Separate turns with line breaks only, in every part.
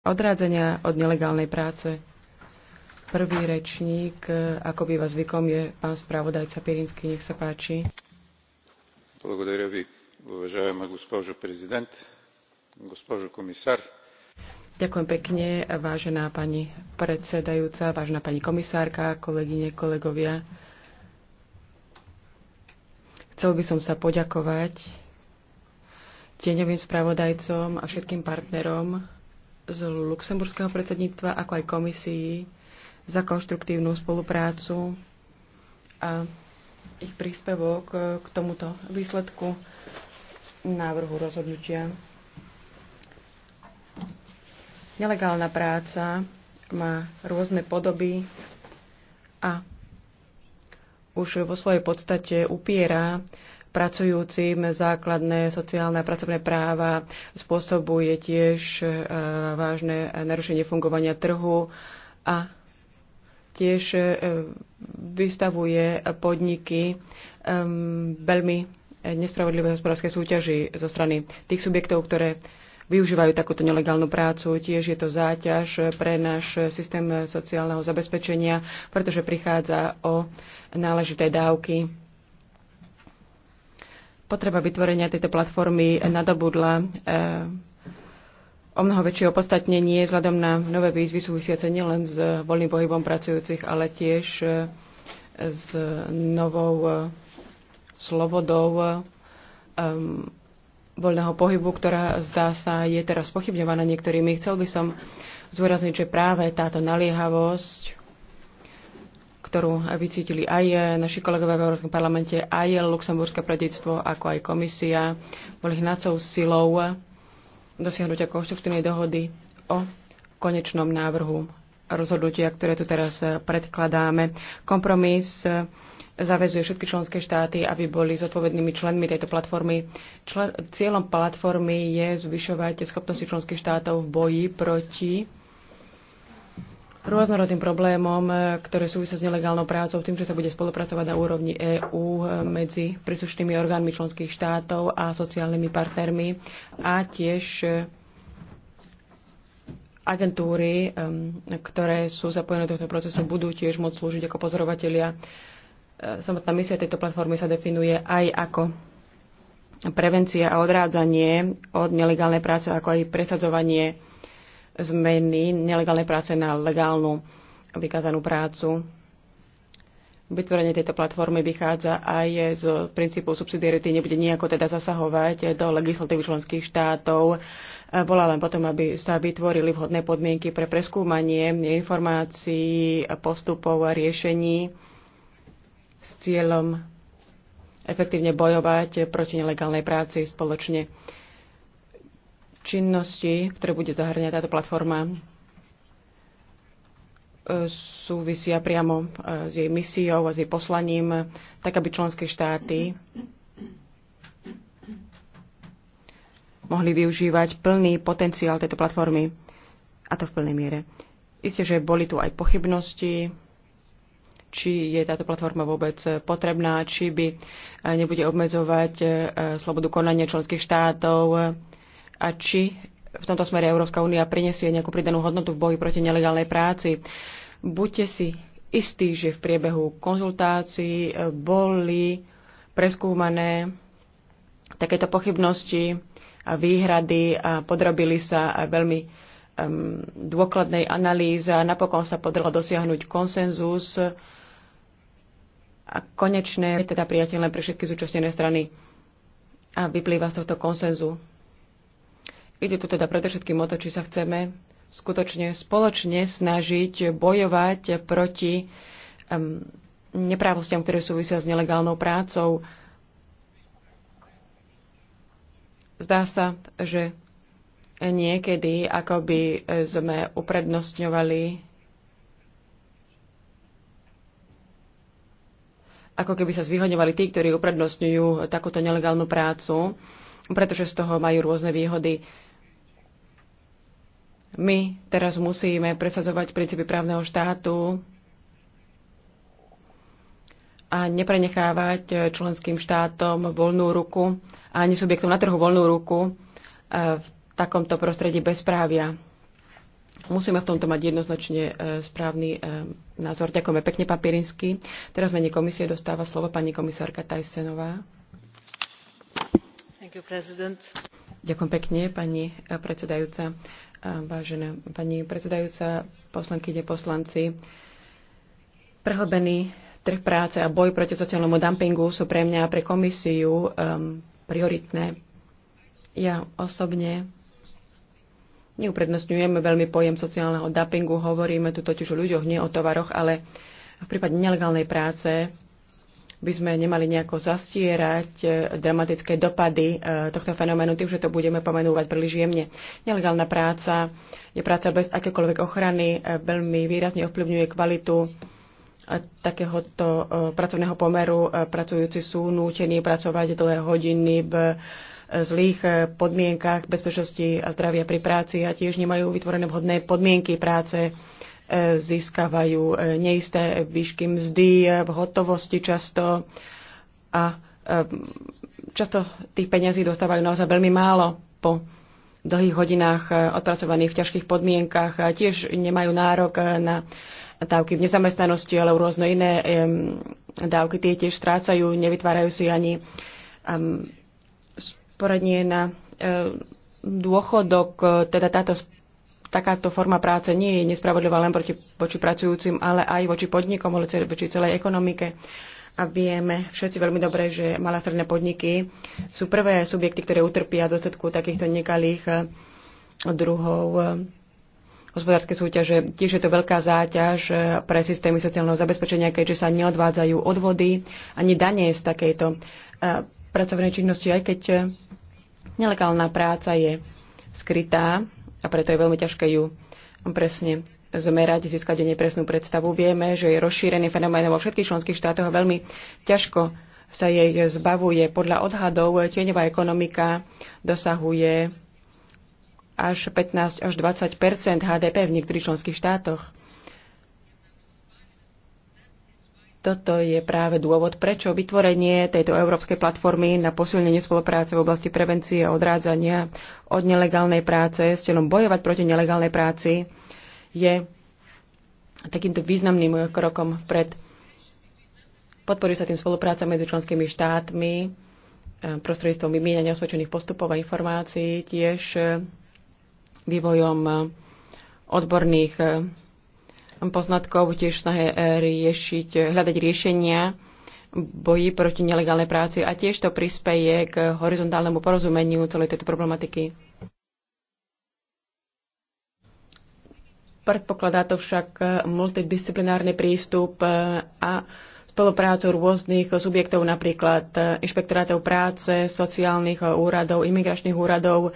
odrádzania od nelegálnej práce. Prvý rečník, e, ako býva zvykom, je pán spravodajca Pirinský. Nech sa páči. Благодаря ви,
уважаема госпожо президент, госпожо комисар.
Ďakujem pekne, vážená pani predsedajúca, vážená pani komisárka, kolegyne, kolegovia. Chcel by som sa poďakovať tieňovým spravodajcom a všetkým partnerom, z luxemburského predsedníctva, ako aj komisii za konštruktívnu spoluprácu a ich príspevok e, k tomuto výsledku návrhu rozhodnutia. Nelegálna práca má rôzne podoby a už vo svojej podstate upiera pracujúcim základné sociálne a pracovné práva, spôsobuje tiež e, vážne narušenie fungovania trhu a tiež e, vystavuje podniky veľmi nespravodlivé hospodárskej súťaži zo strany tých subjektov, ktoré využívajú takúto nelegálnu prácu. Tiež je to záťaž pre náš systém sociálneho zabezpečenia, pretože prichádza o náležité dávky potreba vytvorenia tejto platformy nadobudla e, o mnoho väčšie opodstatnenie vzhľadom na nové výzvy súvisiace nielen s voľným pohybom pracujúcich, ale tiež e, s novou slobodou e, e voľného pohybu, ktorá zdá sa je teraz pochybňovaná niektorými. Chcel by som zúrazniť, že práve táto naliehavosť ktorú vycítili aj e, naši kolegovia v Európskom parlamente, aj luxemburské predsedstvo, ako aj komisia, boli hnacou silou dosiahnutia konštruktívnej dohody o konečnom návrhu rozhodnutia, ktoré tu teraz e, predkladáme. Kompromis e, zavezuje všetky členské štáty, aby boli zodpovednými členmi tejto platformy. Člen, cieľom platformy je zvyšovať schopnosti členských štátov v boji proti rôznorodným problémom, e, ktoré súvisia s nelegálnou prácou, tým, že sa bude spolupracovať na úrovni EÚ e, medzi príslušnými orgánmi členských štátov a sociálnymi partnermi a tiež e, agentúry, ktoré sú zapojené do tohto procesu, budú tiež môcť slúžiť ako pozorovatelia. Samotná misia tejto platformy sa definuje aj ako prevencia a odrádzanie od nelegálnej práce, ako aj presadzovanie zmeny nelegálnej práce na legálnu vykázanú prácu. Vytvorenie tejto platformy vychádza aj z princípu subsidiarity, nebude nejako teda zasahovať do legislatívy členských štátov. Bola len potom, aby sa vytvorili vhodné podmienky pre preskúmanie informácií, postupov a riešení s cieľom efektívne bojovať proti nelegálnej práci spoločne činnosti, ktoré bude zahrňať táto platforma, e, súvisia priamo e, s jej misiou a s jej poslaním, tak aby členské štáty mohli využívať plný potenciál tejto platformy, a to v plnej miere. Isté, že boli tu aj pochybnosti, či je táto platforma vôbec potrebná, či by e, nebude obmedzovať slobodu konania členských štátov, a či v tomto smere Európska únia prinesie nejakú pridanú hodnotu v boji proti nelegálnej práci. Buďte si istí, že v priebehu konzultácií eh, boli preskúmané takéto pochybnosti a výhrady a podrobili sa veľmi um, dôkladnej analýze a napokon sa podarilo dosiahnuť konsenzus a konečné teda priateľné pre všetky zúčastnené strany a vyplýva z tohto konsenzu Ide tu teda predovšetkým o to, či sa chceme skutočne spoločne snažiť bojovať proti um, neprávostiam, ktoré súvisia s nelegálnou prácou. Zdá sa, že niekedy ako by sme uprednostňovali ako keby sa zvýhodňovali tí, ktorí uprednostňujú takúto nelegálnu prácu, pretože z toho majú rôzne výhody. My teraz musíme presadzovať princípy právneho štátu a neprenechávať eh, členským štátom voľnú ruku a ani subjektom na trhu voľnú ruku eh, v takomto prostredí bezprávia. Musíme v tomto mať jednoznačne eh, správny názor. Ďakujeme pekne, pán Pirinsky. Teraz menej komisie dostáva slovo pani komisárka Tajsenová. Thank you, president. Ďakujem pekne, pani eh, predsedajúca. Eh, vážená pani predsedajúca, poslankyne, poslanci, prehlbený trh práce a boj proti sociálnemu dumpingu sú pre mňa a pre komisiu um, prioritné. Ja osobne neuprednostňujem veľmi pojem sociálneho dumpingu, hovoríme tu totiž o ľuďoch, nie o tovaroch, ale v prípade nelegálnej práce by sme nemali nejako zastierať e, dramatické dopady e, tohto fenoménu tým, že to budeme pomenúvať príliš jemne. Nelegálna práca je práca bez akékoľvek ochrany, e, veľmi výrazne ovplyvňuje kvalitu takéhoto pracovného pomeru. Pracujúci sú nútení pracovať dlhé hodiny v zlých podmienkach bezpečnosti a zdravia pri práci a tiež nemajú vytvorené vhodné podmienky práce získavajú e, neisté výšky mzdy e, v hotovosti často a e, často tých peňazí dostávajú naozaj veľmi málo po dlhých hodinách odpracovaných v ťažkých podmienkach. Tiež nemajú nárok na dávky v nezamestnanosti, ale rôzne iné dávky tie tiež strácajú, nevytvárajú si ani sporadnie na dôchodok, teda táto takáto forma práce nie je nespravodlivá len proti, voči pracujúcim, ale aj voči podnikom, ale voči celej ekonomike. A vieme všetci veľmi dobre, že malé a stredné podniky sú prvé subjekty, ktoré utrpia v dôsledku takýchto nekalých eh, druhov eh, hospodárskej súťaže. Tiež je to veľká záťaž eh, pre systémy sociálneho zabezpečenia, keďže sa neodvádzajú odvody ani dane z takejto pracovnej činnosti, aj keď nelegálna práca je skrytá a preto je veľmi ťažké ju presne zmerať, získať nepresnú predstavu. Vieme, že je rozšírený fenomén vo všetkých členských štátoch a veľmi ťažko sa jej zbavuje. Podľa odhadov tieňová ekonomika dosahuje až 15 až 20 HDP v niektorých členských štátoch. Toto je práve dôvod, prečo vytvorenie tejto európskej platformy na posilnenie spolupráce v oblasti prevencie a odrádzania od nelegálnej práce s cieľom bojovať proti nelegálnej práci je takýmto významným krokom vpred. Podporuje sa tým spolupráca medzi členskými štátmi prostredníctvom vymieňania osvedčených postupov a informácií, tiež vývojom odborných poznatkov, tiež snahe e, riešiť, hľadať riešenia boji proti nelegálnej práci a tiež to prispieje k horizontálnemu porozumeniu celej tejto problematiky. Predpokladá to však e, multidisciplinárny prístup e, a spoluprácu rôznych subjektov, napríklad inšpektorátov práce, sociálnych úradov, imigračných úradov,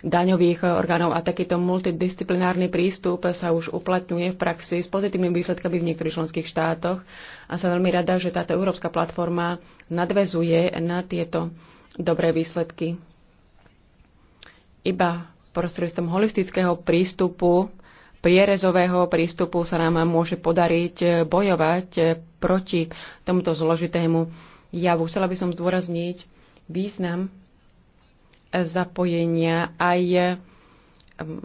daňových orgánov a takýto multidisciplinárny prístup sa už uplatňuje v praxi s pozitívnymi výsledkami v niektorých členských štátoch a som veľmi rada, že táto európska platforma nadvezuje na tieto dobré výsledky. Iba prostredstvom holistického prístupu, prierezového prístupu sa nám môže podariť bojovať proti tomuto zložitému javu. Chcela by som zdôrazniť význam zapojenia aj mm,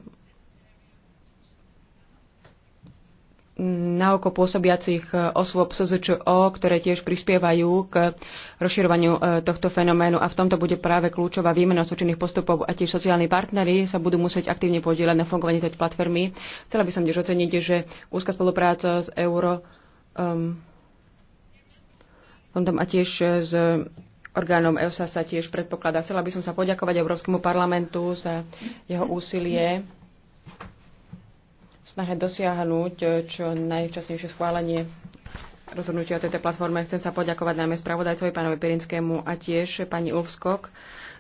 na oko pôsobiacich osôb SZČO, ktoré tiež prispievajú k rozširovaniu e, tohto fenoménu a v tomto bude práve kľúčová výmena súčinných postupov a tiež sociálni partnery sa budú musieť aktívne podielať na fungovanie tejto platformy. Chcela by som tiež oceniť, že úzka spolupráca s Euro um, fondom a tiež s orgánom EUSA sa tiež predpokladá. Chcela by som sa poďakovať Európskemu parlamentu za jeho úsilie snahe dosiahnuť eh, čo najčasnejšie schválenie rozhodnutia o tejto platforme. Chcem sa poďakovať najmä spravodajcovi pánovi Pirinskému a tiež pani Ulfskok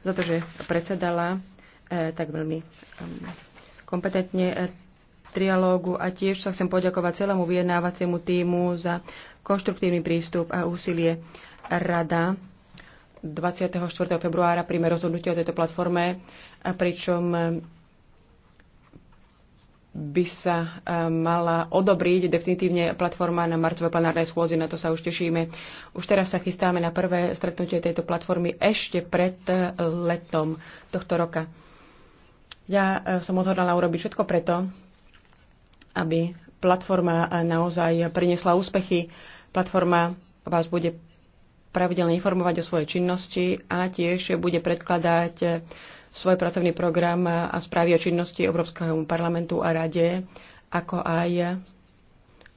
za to, že predsedala e, tak veľmi e, kompetentne e, trialógu a tiež sa chcem poďakovať celému vyjednávaciemu týmu za konštruktívny prístup a úsilie rada 24. februára príjme rozhodnutie o tejto platforme, pričom e, by sa e, mala odobriť definitívne platforma na marcovej plenárnej schôdzi, na to sa už tešíme. Už teraz sa chystáme na prvé stretnutie tejto platformy ešte pred e, letom tohto roka. Ja som odhodlala urobiť všetko preto, aby platforma naozaj priniesla úspechy. Platforma vás bude pravidelne informovať o svojej činnosti a tiež bude predkladať eh, svoj pracovný program a správy o činnosti Európskeho parlamentu a rade, ako aj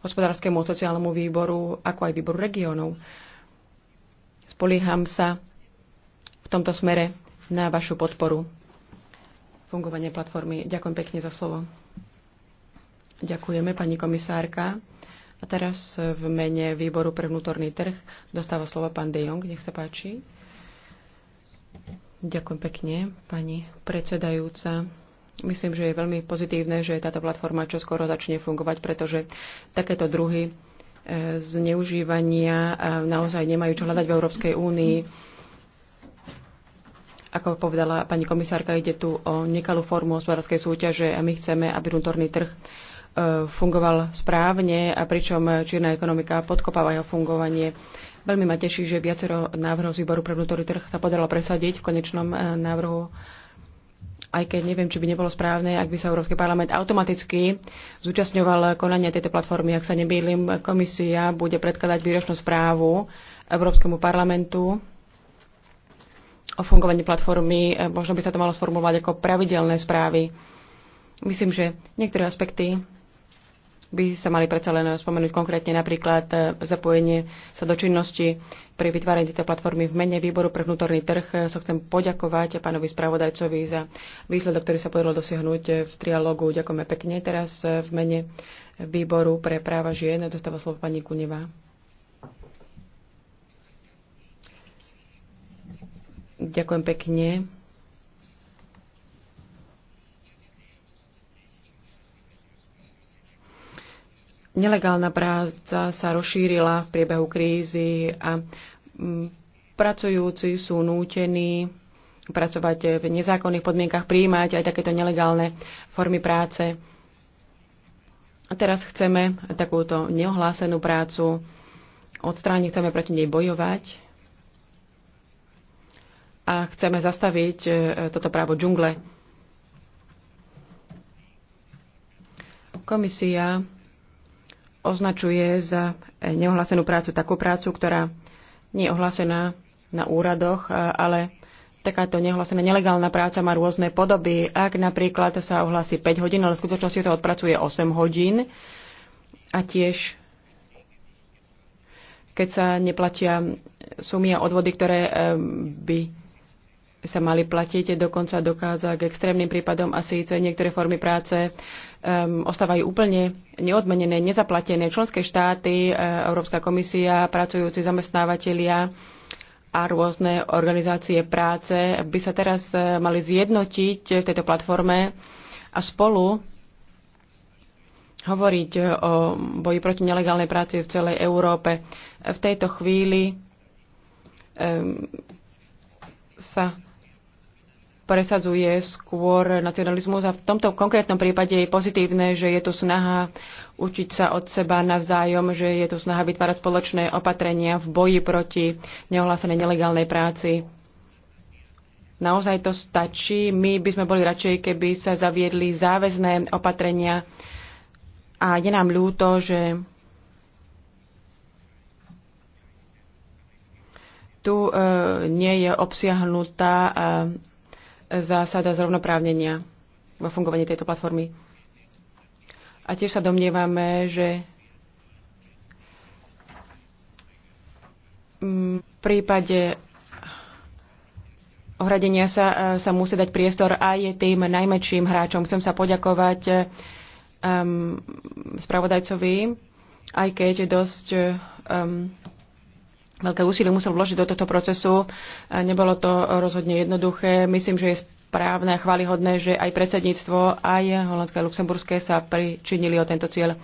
hospodárskému a sociálnemu výboru, ako aj výboru regiónov. Spolíham sa v tomto smere na vašu podporu fungovania platformy. Ďakujem pekne za slovo. Ďakujeme, pani komisárka. A teraz v mene výboru pre vnútorný trh dostáva slovo pán De Jong. Nech sa páči. Ďakujem pekne, pani predsedajúca. Myslím, že je veľmi pozitívne, že táto platforma čo skoro začne fungovať, pretože takéto druhy e, zneužívania e, naozaj nemajú čo hľadať v Európskej únii. Ako povedala pani komisárka, ide tu o nekalú formu hospodárskej súťaže a my chceme, aby vnútorný trh Eh, fungoval správne a pričom čierna ekonomika podkopáva jeho fungovanie. Veľmi ma teší, že viacero návrhov z výboru pre vnútorný trh sa podarilo presadiť v konečnom eh, návrhu aj keď neviem, či by nebolo správne, ak by sa Európsky parlament automaticky zúčastňoval konania tejto platformy. Ak sa nebýlim, komisia bude predkladať výročnú správu Európskemu parlamentu o fungovaní platformy. Eh, možno by sa to malo sformulovať ako pravidelné správy. Myslím, že niektoré aspekty by sa mali predsa len spomenúť konkrétne napríklad e, zapojenie sa do činnosti pri vytváraní tejto platformy v mene výboru pre vnútorný trh. E, so chcem poďakovať pánovi spravodajcovi za výsledok, ktorý sa podarilo dosiahnuť e, v trialógu. Ďakujeme pekne. Teraz v mene výboru pre práva žien dostáva slovo pani Kuneva. Ďakujem pekne. Nelegálna práca sa rozšírila v priebehu krízy a mm, pracujúci sú nútení pracovať v nezákonných podmienkach, prijímať aj takéto nelegálne formy práce. A teraz chceme takúto neohlásenú prácu odstrániť, chceme proti nej bojovať a chceme zastaviť e, toto právo džungle. Komisia označuje za eh, neohlásenú prácu takú prácu, ktorá nie je ohlásená na úradoch, eh, ale takáto neohlásená nelegálna práca má rôzne podoby. Ak napríklad sa ohlási 5 hodín, ale v skutočnosti to odpracuje 8 hodín a tiež keď sa neplatia sumy a odvody, ktoré eh, by sa mali platiť, dokonca dokáza k extrémnym prípadom a síce niektoré formy práce um, ostávajú úplne neodmenené, nezaplatené. Členské štáty, e, Európska komisia, pracujúci zamestnávateľia a rôzne organizácie práce by sa teraz e, mali zjednotiť v tejto platforme a spolu hovoriť o boji proti nelegálnej práci v celej Európe. V tejto chvíli um, sa presadzuje skôr nacionalizmus a v tomto konkrétnom prípade je pozitívne, že je tu snaha učiť sa od seba navzájom, že je tu snaha vytvárať spoločné opatrenia v boji proti neohlásenej nelegálnej práci. Naozaj to stačí. My by sme boli radšej, keby sa zaviedli záväzné opatrenia a je nám ľúto, že tu e, nie je obsiahnutá e, zásada zrovnoprávnenia vo fungovaní tejto platformy. A tiež sa domnievame, že v prípade ohradenia sa, sa musí dať priestor aj tým najmäčším hráčom. Chcem sa poďakovať um, spravodajcovi, aj keď dosť um, veľké úsilie musel vložiť do tohto procesu. Nebolo to rozhodne jednoduché. Myslím, že je správne a chválihodné, že aj predsedníctvo, aj holandské a luxemburské sa pričinili o tento cieľ.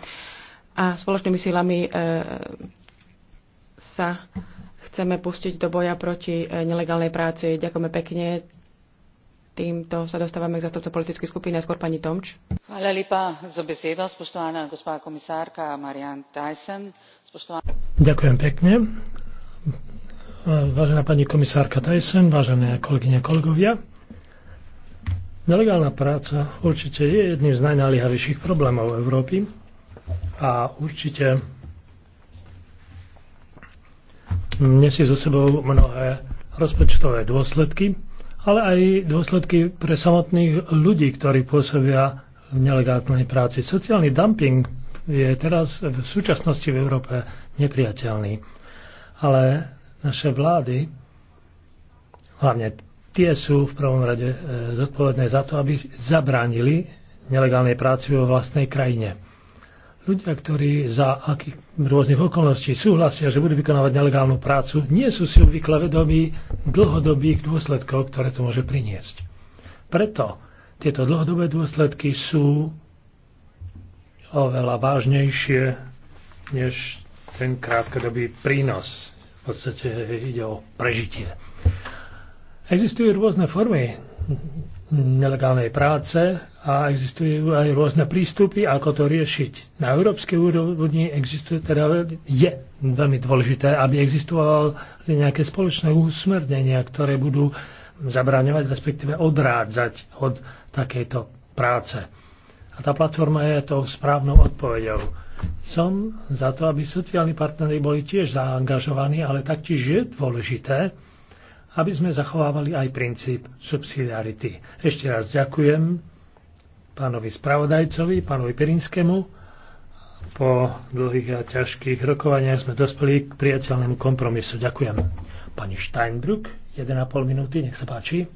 A spoločnými silami e, sa chceme pustiť do boja proti e, nelegálnej práci. Ďakujeme pekne. Týmto sa dostávame k zastupcu politických skupín, skôr pani Tomč.
Hvala lepa za besedo, spoštovaná gospa komisárka Marian Tyson.
Ďakujem pekne vážená pani komisárka Tyson, vážené kolegyne, kolegovia. Nelegálna práca určite je jedným z najnaliehavejších problémov Európy a určite nesie so sebou mnohé rozpočtové dôsledky, ale aj dôsledky pre samotných ľudí, ktorí pôsobia v nelegálnej práci. Sociálny dumping je teraz v súčasnosti v Európe nepriateľný. Ale naše vlády, hlavne tie sú v prvom rade e, zodpovedné za to, aby zabránili nelegálnej práci vo vlastnej krajine. Ľudia, ktorí za akých rôznych okolností súhlasia, že budú vykonávať nelegálnu prácu, nie sú si obvykle vedomí dlhodobých dôsledkov, ktoré to môže priniesť. Preto tieto dlhodobé dôsledky sú oveľa vážnejšie než ten krátkodobý prínos podstate ide o prežitie. Existujú rôzne formy nelegálnej práce a existujú aj rôzne prístupy, ako to riešiť. Na európskej úrovni existuje, teda je veľmi dôležité, aby existovali nejaké spoločné úsmernenia, ktoré budú zabraňovať, respektíve odrádzať od takejto práce. A tá platforma je tou správnou odpoveďou. Som za to, aby sociálni partnery boli tiež zaangažovaní, ale taktiež je dôležité, aby sme zachovávali aj princíp subsidiarity. Ešte raz ďakujem pánovi spravodajcovi, pánovi Perinskému. Po dlhých a ťažkých rokovaniach sme dospeli k priateľnému kompromisu. Ďakujem. Pani Steinbrück, 1,5 minúty, nech sa páči.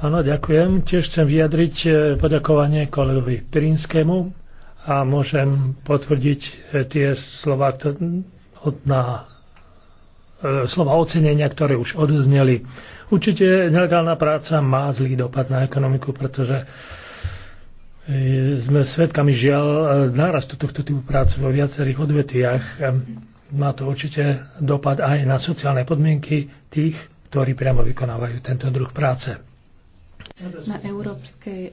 Áno, ďakujem. Tiež chcem vyjadriť e, poďakovanie kolegovi Pirinskému a môžem potvrdiť e, tie slova na e, slova ocenenia, ktoré už odzneli. Určite nelegálna práca má zlý dopad na ekonomiku, pretože sme svedkami žiaľ nárastu tohto typu práce vo viacerých odvetiach. Má to určite dopad aj na sociálne podmienky tých, ktorí priamo vykonávajú tento druh práce.
Na európskej e,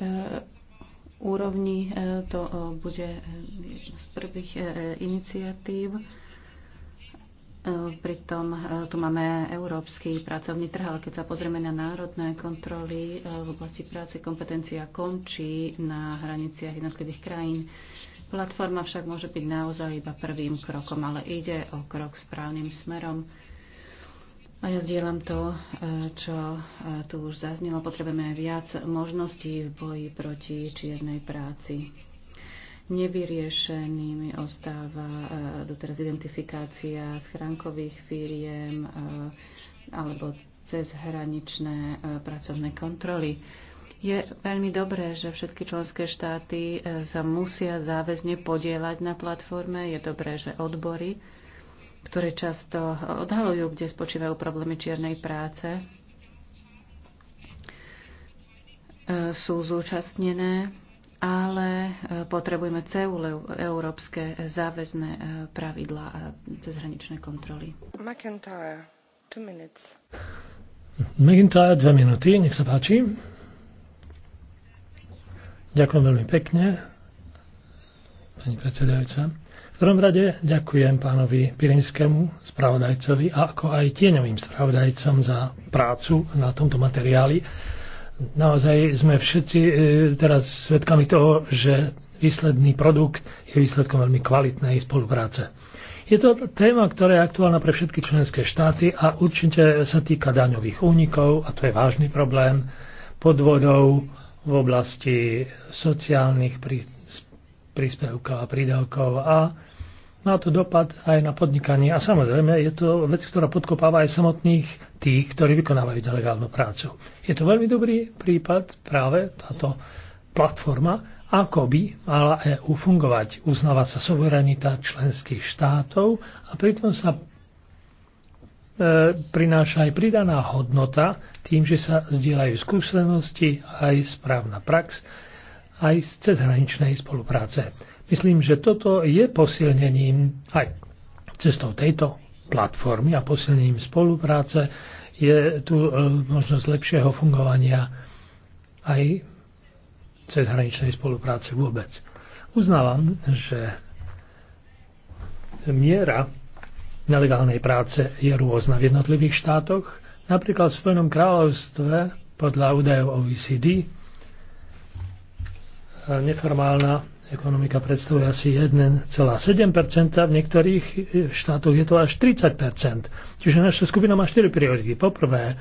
úrovni e, to e, bude z prvých iniciatív. Pritom tu máme európsky pracovný trh, ale keď sa pozrieme na národné kontroly v oblasti práce, kompetencia končí na hraniciach jednotlivých krajín. Platforma však môže byť naozaj iba prvým krokom, ale ide o krok správnym smerom. A ja zdieľam to, e, čo e, tu už zaznelo. Potrebujeme aj viac možností v boji proti čiernej práci. Nevyriešenými ostáva e, doteraz identifikácia schránkových firiem alebo cezhraničné pracovné kontroly. Je veľmi dobré, že všetky členské štáty sa musia záväzne podielať na platforme. Je dobré, že odbory ktoré často odhalujú, kde spočívajú problémy čiernej práce, e, sú zúčastnené, ale e, potrebujeme celé európske záväzné e, pravidlá a cezhraničné kontroly. McIntyre, two minutes.
McIntyre, dve minúty, nech sa páči. Ďakujem veľmi pekne, pani predsedajúca. V prvom rade ďakujem pánovi Pirinskému spravodajcovi a ako aj tieňovým spravodajcom za prácu na tomto materiáli. Naozaj sme všetci e, teraz svedkami toho, že výsledný produkt je výsledkom veľmi kvalitnej spolupráce. Je to téma, ktorá je aktuálna pre všetky členské štáty a určite sa týka daňových únikov, a to je vážny problém, podvodov v oblasti sociálnych príspevkov a prídavkov a má to dopad aj na podnikanie a samozrejme je to vec, ktorá podkopáva aj samotných tých, ktorí vykonávajú nelegálnu prácu. Je to veľmi dobrý prípad práve táto platforma, ako by mala EU fungovať, uznávať sa suverenita členských štátov a pritom sa e, prináša aj pridaná hodnota tým, že sa zdieľajú skúsenosti aj správna prax aj z cezhraničnej spolupráce. Myslím, že toto je posilnením aj cestou tejto platformy a posilnením spolupráce je tu e, možnosť lepšieho fungovania aj cezhraničnej spolupráce vôbec. Uznávam, že miera nelegálnej práce je rôzna v jednotlivých štátoch. Napríklad v Spojenom kráľovstve podľa údajov OECD neformálna ekonomika predstavuje asi 1,7%, v niektorých štátoch je to až 30%. Čiže naša skupina má 4 priority. Poprvé, e,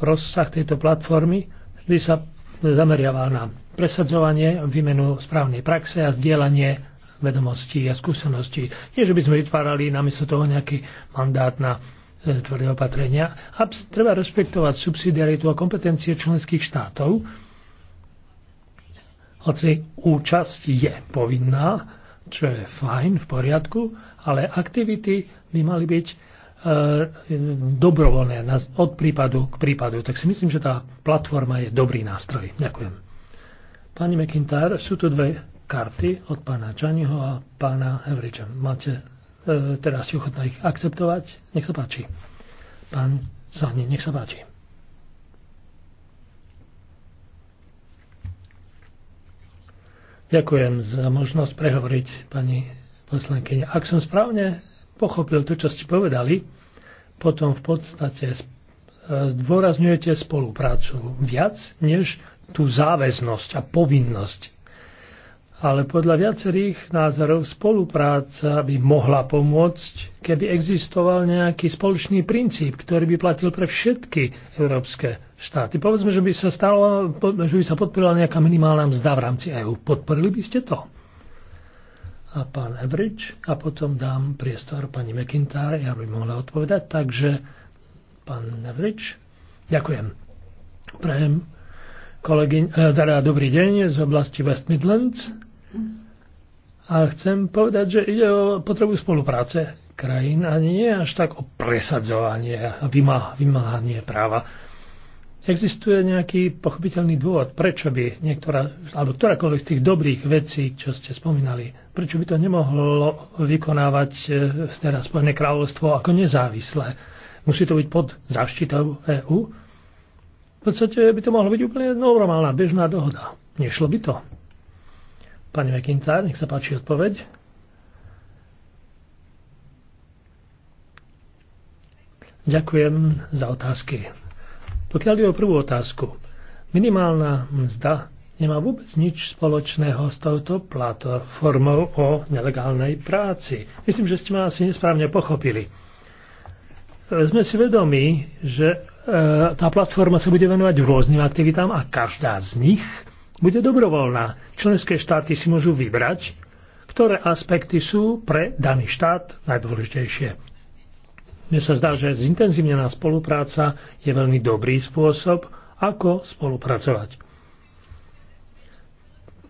rozsah tejto platformy by sa zameriaval na presadzovanie, výmenu správnej praxe a zdieľanie vedomostí a skúseností. Nie, že by sme vytvárali namiesto toho nejaký mandát na e, tvrdé opatrenia. A treba rešpektovať subsidiaritu a kompetencie členských štátov, hoci účasť je povinná, čo je fajn, v poriadku, ale aktivity by mali byť e, dobrovoľné na, od prípadu k prípadu. Tak si myslím, že tá platforma je dobrý nástroj. Ďakujem. Pani McIntyre, sú tu dve karty od pána Čaniho a pána Evriča. Máte e, teraz ochotná ich akceptovať? Nech sa páči. Pán Zahni, nech sa páči. Ďakujem za možnosť prehovoriť, pani poslankyňa. Ak som správne pochopil to, čo ste povedali, potom v podstate e, zdôrazňujete spoluprácu viac než tú záväznosť a povinnosť ale podľa viacerých názorov spolupráca by mohla pomôcť, keby existoval nejaký spoločný princíp, ktorý by platil pre všetky európske štáty. Povedzme, že by sa, stalo, že by sa podporila nejaká minimálna mzda v rámci EÚ. Podporili by ste to? A pán Everič a potom dám priestor pani McIntyre, by mohla odpovedať. Takže pán Everič, ďakujem. Prajem kolegy eh, teda dobrý deň z oblasti West Midlands. A chcem povedať, že ide o potrebu spolupráce krajín a nie až tak o presadzovanie a vymáhanie práva. Existuje nejaký pochopiteľný dôvod, prečo by niektorá, alebo ktorákoľvek z tých dobrých vecí, čo ste spomínali, prečo by to nemohlo vykonávať e, teraz Spojené kráľovstvo ako nezávislé? Musí to byť pod záštitou EÚ? V podstate by to mohlo byť úplne normálna, bežná dohoda. Nešlo by to? Pani McIntyre, nech sa páči odpoveď. Ďakujem za otázky. Pokiaľ je o prvú otázku, minimálna mzda nemá vôbec nič spoločného s touto platformou o nelegálnej práci. Myslím, že ste ma asi nesprávne pochopili. Sme si vedomi, že e, tá platforma sa bude venovať rôznym aktivitám a každá z nich bude dobrovoľná. Členské štáty si môžu vybrať, ktoré aspekty sú pre daný štát najdôležitejšie. Mne sa zdá, že zintenzívnená spolupráca je veľmi dobrý spôsob, ako spolupracovať.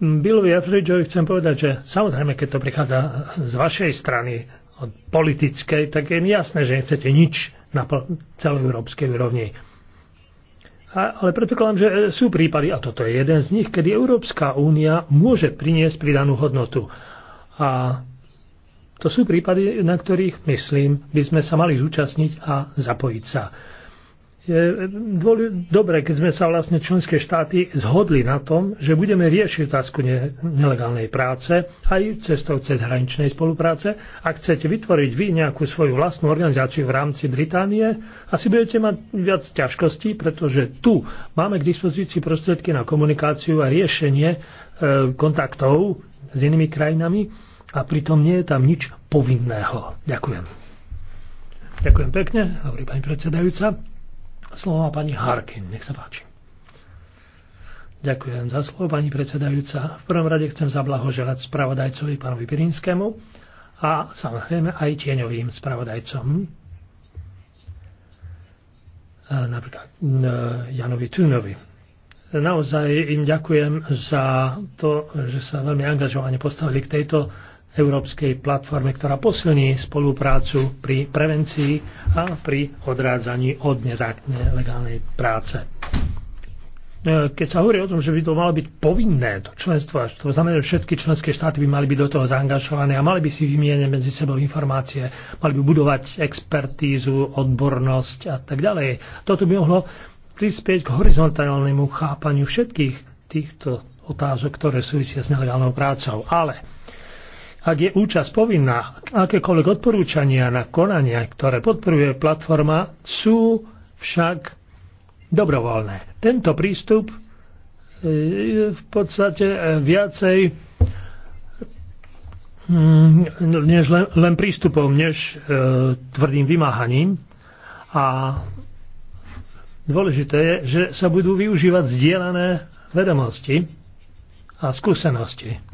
Billovi Efridgeovi chcem povedať, že samozrejme, keď to prichádza z vašej strany, od politickej, tak je mi jasné, že nechcete nič na celoeurópskej úrovni ale predpokladám, že e, sú prípady, a toto je jeden z nich, kedy Európska únia môže priniesť pridanú hodnotu. A to sú prípady, na ktorých, myslím, by sme sa mali zúčastniť a zapojiť sa je boli dobre, keď sme sa vlastne členské štáty zhodli na tom, že budeme riešiť otázku ne, nelegálnej práce aj cestou cez hraničnej spolupráce. Ak chcete vytvoriť vy nejakú svoju vlastnú organizáciu v rámci Británie, asi budete mať viac ťažkostí, pretože tu máme k dispozícii prostriedky na komunikáciu a riešenie e, kontaktov s inými krajinami a pritom nie je tam nič povinného. Ďakujem. Ďakujem pekne, hovorí pani predsedajúca. Slovo má pani Harkin, nech sa páči. Ďakujem za slovo, pani predsedajúca. V prvom rade chcem zablahoželať spravodajcovi pánovi Pirinskému a samozrejme aj tieňovým spravodajcom. Napríklad e, Janovi Tunovi. Naozaj im ďakujem za to, že sa veľmi angažovane postavili k tejto európskej platforme, ktorá posilní spoluprácu pri prevencii a pri odrádzaní od legálnej práce. E, keď sa hovorí o tom, že by to malo byť povinné, to členstvo, to znamená, že všetky členské štáty by mali byť do toho zaangažované a mali by si vymieňať medzi sebou informácie, mali by budovať expertízu, odbornosť a tak ďalej. Toto by mohlo prispieť k horizontálnemu chápaniu všetkých týchto otázok, ktoré súvisia s nelegálnou prácou. Ale ak je účasť povinná, akékoľvek odporúčania na konania, ktoré podporuje platforma, sú však dobrovoľné. Tento prístup je v podstate e, viacej mm, než len, len prístupom, než e, tvrdým vymáhaním. A dôležité je, že sa budú využívať zdieľané vedomosti a skúsenosti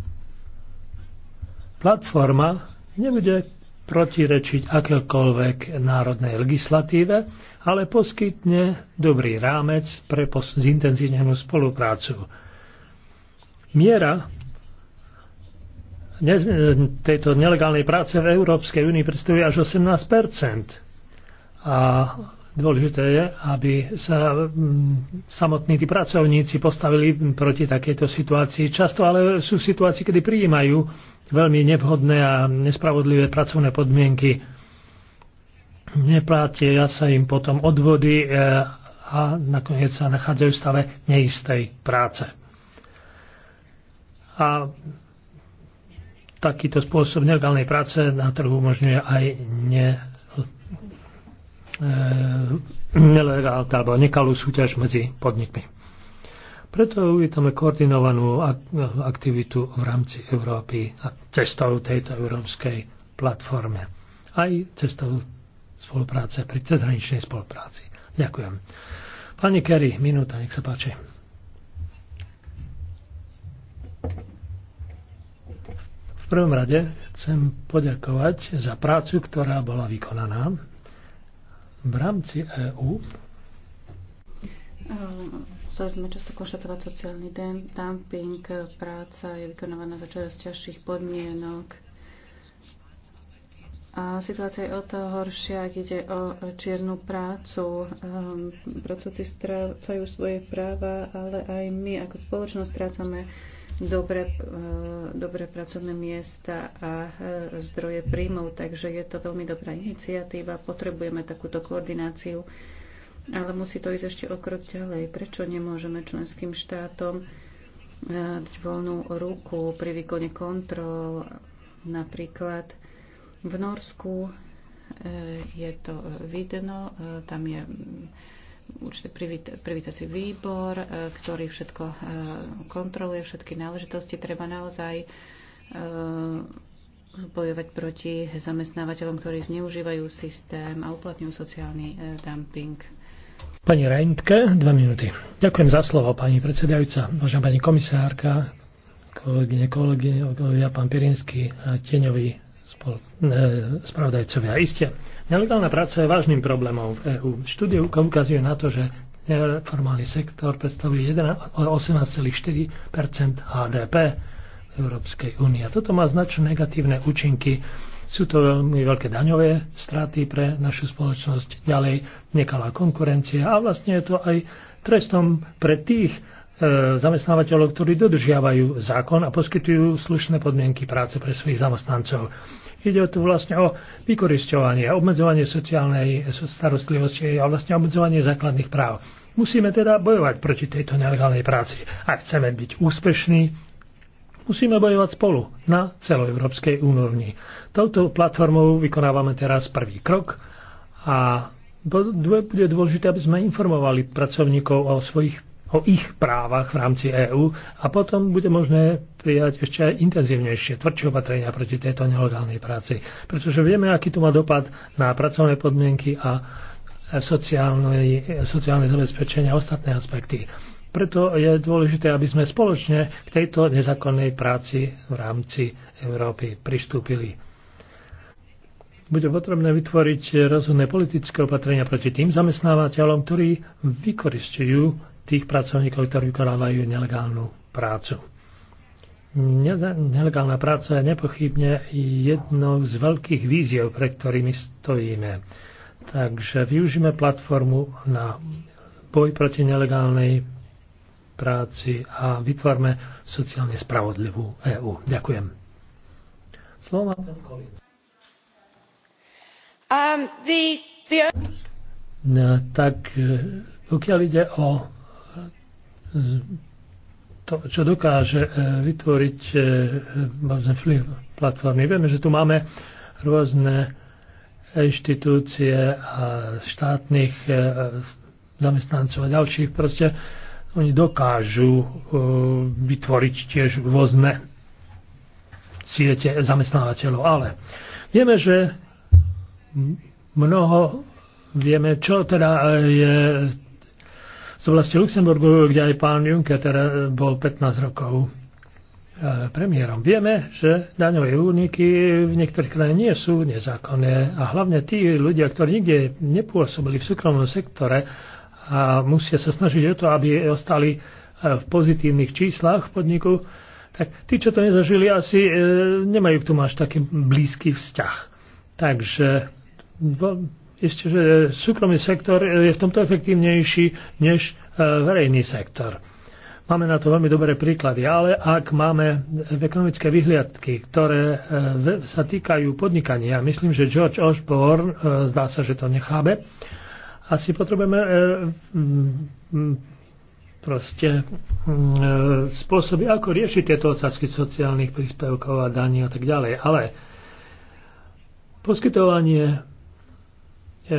platforma nebude protirečiť akékoľvek národnej legislatíve, ale poskytne dobrý rámec pre zintenzívnenú spoluprácu. Miera tejto nelegálnej práce v Európskej únii predstavuje až 18 a Dôležité je, aby sa mm, samotní tí pracovníci postavili proti takejto situácii. Často ale sú situácie, kedy prijímajú veľmi nevhodné a nespravodlivé pracovné podmienky. Neplátia sa im potom odvody e, a nakoniec sa nachádzajú v stave neistej práce. A takýto spôsob nelegálnej práce na trhu umožňuje aj ne Eh, nelegál, alebo nekalú súťaž medzi podnikmi. Preto uvítame koordinovanú aktivitu v rámci Európy a cestou tejto európskej platforme. Aj cestou spolupráce, pri cezhraničnej spolupráci. Ďakujem. Pani Kerry, minúta, nech sa páči. V prvom rade chcem poďakovať za prácu, ktorá bola vykonaná v rámci EÚ
Chceli ehm, sme často konštatovať sociálny dumping, práca je vykonovaná za čoraz ťažších podmienok. A situácia je o to horšia, ak ide o čiernu prácu. Um, ehm, pracovci strácajú svoje práva, ale aj my ako spoločnosť strácame dobre, eh, dobré pracovné miesta a eh, zdroje príjmov, takže je to veľmi dobrá iniciatíva. Potrebujeme takúto koordináciu, ale musí to ísť ešte o krok ďalej. Prečo nemôžeme členským štátom eh, dať voľnú ruku pri výkone kontrol? Napríklad v Norsku je to vidno, tam je určite privítací výbor, e, ktorý všetko e, kontroluje, všetky náležitosti. Treba naozaj e, bojovať proti zamestnávateľom, ktorí zneužívajú systém a uplatňujú sociálny dumping.
Pani Reintke, dva minúty. Ďakujem za slovo, pani predsedajúca, vážená pani komisárka, kolegyne, kolegyne, ja pán Pirinsky a tieňoví spol, e, spravodajcovia. Isté, nelegálna práca je vážnym problémom v EÚ. Štúdie ukazuje na to, že neformálny sektor predstavuje 18,4 HDP v Európskej únie. A toto má značné negatívne účinky. Sú to veľmi veľké daňové straty pre našu spoločnosť, ďalej nekalá konkurencia a vlastne je to aj trestom pre tých, E, zamestnávateľov, ktorí dodržiavajú zákon a poskytujú slušné podmienky práce pre svojich zamestnancov. Ide tu vlastne o vykoristovanie, obmedzovanie sociálnej starostlivosti a vlastne obmedzovanie základných práv. Musíme teda bojovať proti tejto nelegálnej práci. Ak chceme byť úspešní, musíme bojovať spolu na celoeurópskej úrovni. Touto platformou vykonávame teraz prvý krok a bude dôležité, aby sme informovali pracovníkov o svojich o ich právach v rámci EÚ a potom bude možné prijať ešte aj intenzívnejšie, tvrdšie opatrenia proti tejto nelegálnej práci. Pretože vieme, aký to má dopad na pracovné podmienky a sociálne, sociálne zabezpečenie a ostatné aspekty. Preto je dôležité, aby sme spoločne k tejto nezákonnej práci v rámci Európy pristúpili. Bude potrebné vytvoriť rozhodné politické opatrenia proti tým zamestnávateľom, ktorí vykoristujú tých pracovníkov, ktorí vykonávajú nelegálnu prácu. Nelegálna práca je nepochybne jednou z veľkých víziev, pre ktorými stojíme. Takže využíme platformu na boj proti nelegálnej práci a vytvorme sociálne spravodlivú EÚ. Ďakujem. Slovo má
Um, the, the...
No, tak e, pokiaľ ide o to, čo dokáže e, vytvoriť e, e, platformy. Vieme, že tu máme rôzne inštitúcie a štátnych zamestnancov a ďalších. Proste oni dokážu vytvoriť tiež rôzne siete zamestnávateľov. Ale vieme, že mnoho vieme, čo teda je z oblasti Luxemburgu, kde aj pán Juncker teda e, bol 15 rokov e, premiérom. Vieme, že daňové úniky v niektorých krajinách nie sú nezákonné a hlavne tí ľudia, ktorí nikde nepôsobili v súkromnom sektore a musia sa snažiť o to, aby ostali e, v pozitívnych číslach v podniku, tak tí, čo to nezažili, asi nemajú k tomu až taký blízky vzťah. Takže Isté, že súkromný sektor je v tomto efektívnejší než e, verejný sektor. Máme na to veľmi dobré príklady, ale ak máme ekonomické vyhliadky, ktoré e, sa týkajú podnikania, myslím, že George Osborne, e, zdá sa, že to nechábe, asi potrebujeme proste spôsoby, ako riešiť tieto otázky sociálnych príspevkov a daní a tak ďalej. Ale poskytovanie Eh,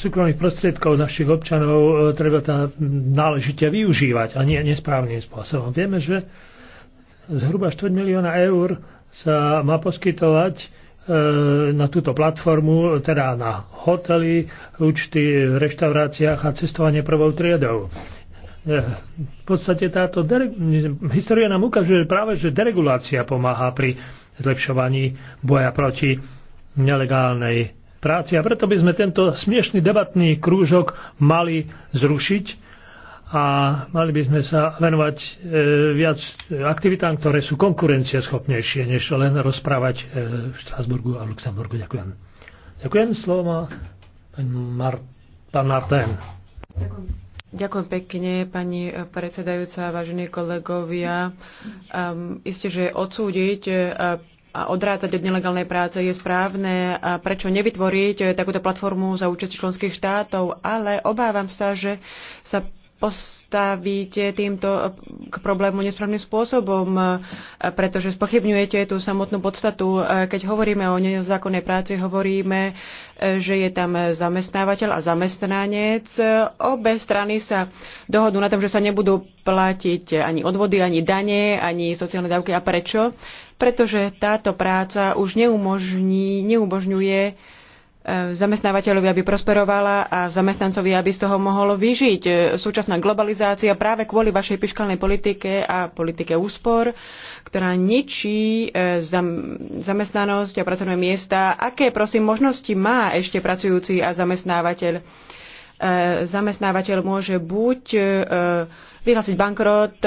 súkromných prostriedkov našich občanov eh, treba tá náležite využívať a nie nesprávnym spôsobom. Vieme, že zhruba 4 milióna eur sa má poskytovať eh, na túto platformu, teda na hotely, účty v reštauráciách a cestovanie prvou triedou. V podstate táto história nám ukazuje práve, že deregulácia pomáha pri zlepšovaní boja proti nelegálnej práci. A preto by sme tento smiešný debatný krúžok mali zrušiť a mali by sme sa venovať e, viac aktivitám, ktoré sú konkurencieschopnejšie, než len rozprávať e, v Štrásburgu a Luxemburgu. Ďakujem. Ďakujem. Slovo má pán, Mar- pán Martin.
Ďakujem. Ďakujem pekne, pani predsedajúca, vážení kolegovia. Um, isté, že odsúdiť e, a odrádzať od nelegálnej práce je správne a prečo nevytvoriť takúto platformu za účasť členských štátov, ale obávam sa, že sa postavíte týmto k problému nesprávnym spôsobom, pretože spochybňujete tú samotnú podstatu. Keď hovoríme o nezákonnej práci, hovoríme že je tam zamestnávateľ a zamestnanec. Obe strany sa dohodnú na tom, že sa nebudú platiť ani odvody, ani dane, ani sociálne dávky. A prečo? Pretože táto práca už neumožní, neumožňuje E, zamestnávateľovi, aby prosperovala a zamestnancovi, aby z toho mohol vyžiť. E, súčasná globalizácia práve kvôli vašej fiskálnej politike a politike úspor, ktorá ničí e, zamestnanosť a pracovné miesta. Aké, prosím, možnosti má ešte pracujúci a zamestnávateľ? Zamestnávateľ môže buď vyhlásiť bankrot,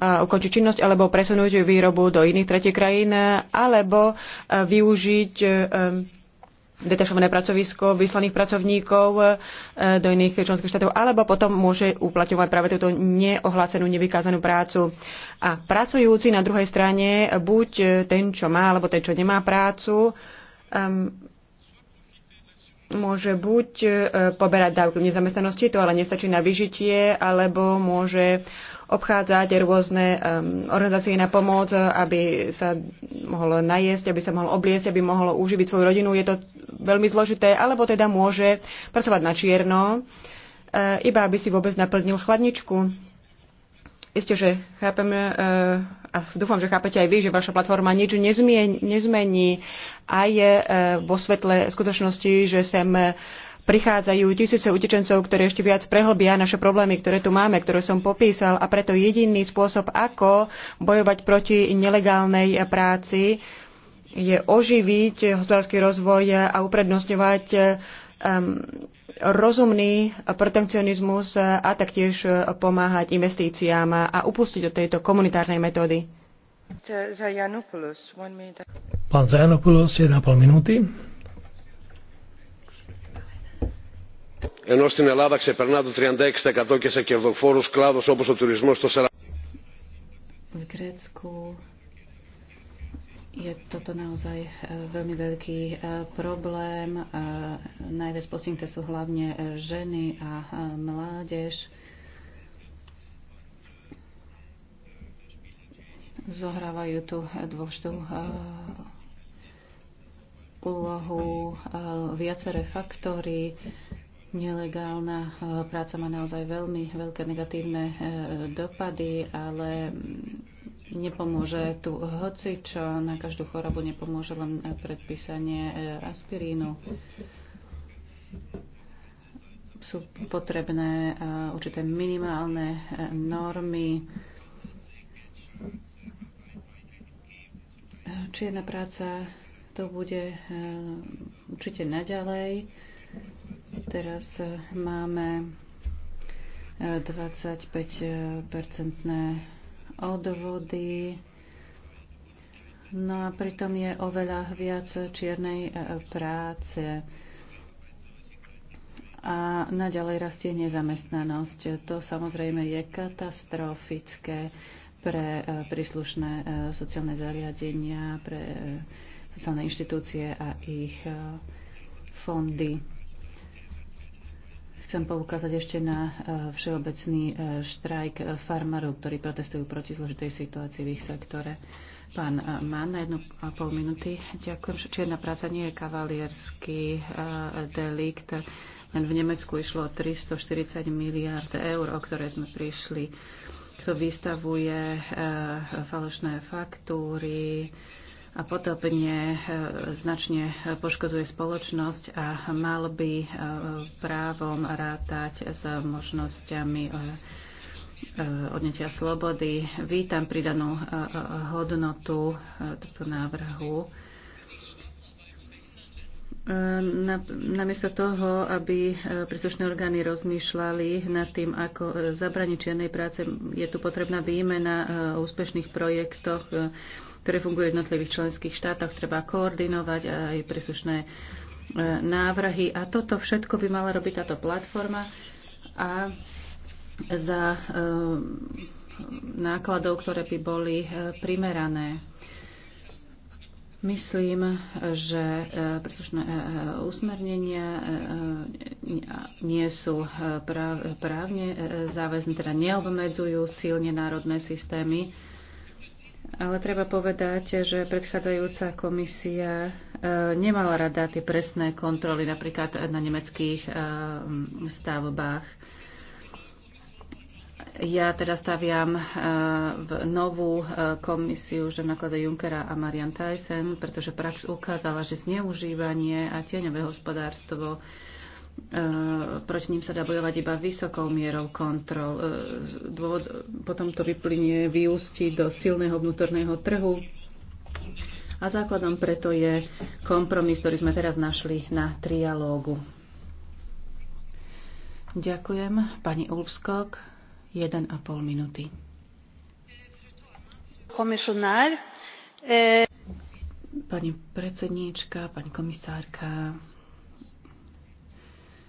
ukončiť činnosť alebo presunúť výrobu do iných tretich krajín, alebo využiť detašované pracovisko vyslaných pracovníkov e, do iných členských štátov, alebo potom môže uplatňovať práve túto neohlásenú, nevykázanú prácu. A pracujúci na druhej strane, buď ten, čo má, alebo ten, čo nemá prácu, um, môže buď e, poberať dávku v nezamestnanosti, to ale nestačí na vyžitie, alebo môže uh, obchádzať rôzne um, organizácie na pomoc, aby sa mohol najesť, aby sa mohol obliesť, aby mohol uživiť svoju rodinu. Je to veľmi zložité, alebo teda môže pracovať na čierno, uh, iba aby si vôbec naplnil chladničku. Isté, že chápeme, uh, a dúfam, že chápete aj vy, že vaša platforma nič nezmien, nezmení aj uh, eh, vo svetle skutočnosti, že sem uh, prichádzajú tisíce utečencov, ktoré ešte viac prehlbia naše problémy, ktoré tu máme, ktoré som popísal. A preto jediný spôsob, ako bojovať proti nelegálnej práci, je oživiť hospodársky rozvoj a uprednostňovať um, rozumný protekcionizmus a taktiež pomáhať investíciám a upustiť od tejto komunitárnej metódy.
Pán Zajanopoulos, 1,5 minúty. Ενώ στην Ελλάδα ξεπερνά το 36% και σε κερδοφόρους κλάδους όπως ο
τουρισμός το 40%.
V Grécku
je toto naozaj eh, veľmi veľký eh, problém. Eh, najviac postihnuté sú hlavne ženy a mládež. Zohrávajú tu dôležitú úlohu viaceré faktory. Nelegálna e, práca má naozaj veľmi veľké negatívne e, dopady, ale nepomôže tu hoci, čo na každú chorobu nepomôže len predpísanie e, aspirínu. Sú potrebné určité minimálne normy. jedna práca to bude určite naďalej Teraz e, máme 25-percentné e, odvody. No a pritom je oveľa viac čiernej e, práce. A naďalej rastie nezamestnanosť. To samozrejme je katastrofické pre príslušné sociálne zariadenia, pre sociálne inštitúcie a ich fondy. Chcem poukázať ešte na eh, všeobecný eh, štrajk eh, farmárov, ktorí protestujú proti zložitej situácii v ich sektore. Pán Mann, na jednu a pol minúty. Ďakujem. Čierna práca nie je kavalierský delikt. Len v Nemecku išlo 340 miliard eur, o ktoré sme prišli. Kto vystavuje falošné faktúry, a potopenie e, značne poškoduje spoločnosť a mal by e, právom rátať s možnosťami e, odnetia slobody. Vítam pridanú hodnotu tohto návrhu. Na, namiesto toho, aby príslušné orgány rozmýšľali nad tým, ako zabraniť čiernej práce, je tu potrebná výmena o úspešných projektoch ktoré fungujú v jednotlivých členských štátoch. Treba koordinovať aj príslušné e, návrhy. A toto všetko by mala robiť táto platforma a za e, nákladov, ktoré by boli e, primerané. Myslím, že príslušné usmernenia nie sú právne záväzne, teda neobmedzujú silne národné systémy ale treba povedať, že predchádzajúca komisia e, nemala rada tie presné kontroly napríklad na nemeckých e, stavbách. Ja teda staviam e, v novú komisiu že naklada Junckera a Marian Tyson, pretože prax ukázala, že zneužívanie a tieňové hospodárstvo E, proti ním sa dá bojovať iba vysokou mierou kontrol. E, dôvod, potom to vyplynie vyústi do silného vnútorného trhu a základom preto je kompromis, ktorý sme teraz našli na trialógu. Ďakujem. Pani Ulfskok, 1,5 minúty. Komisionár. E- pani predsedníčka, pani komisárka,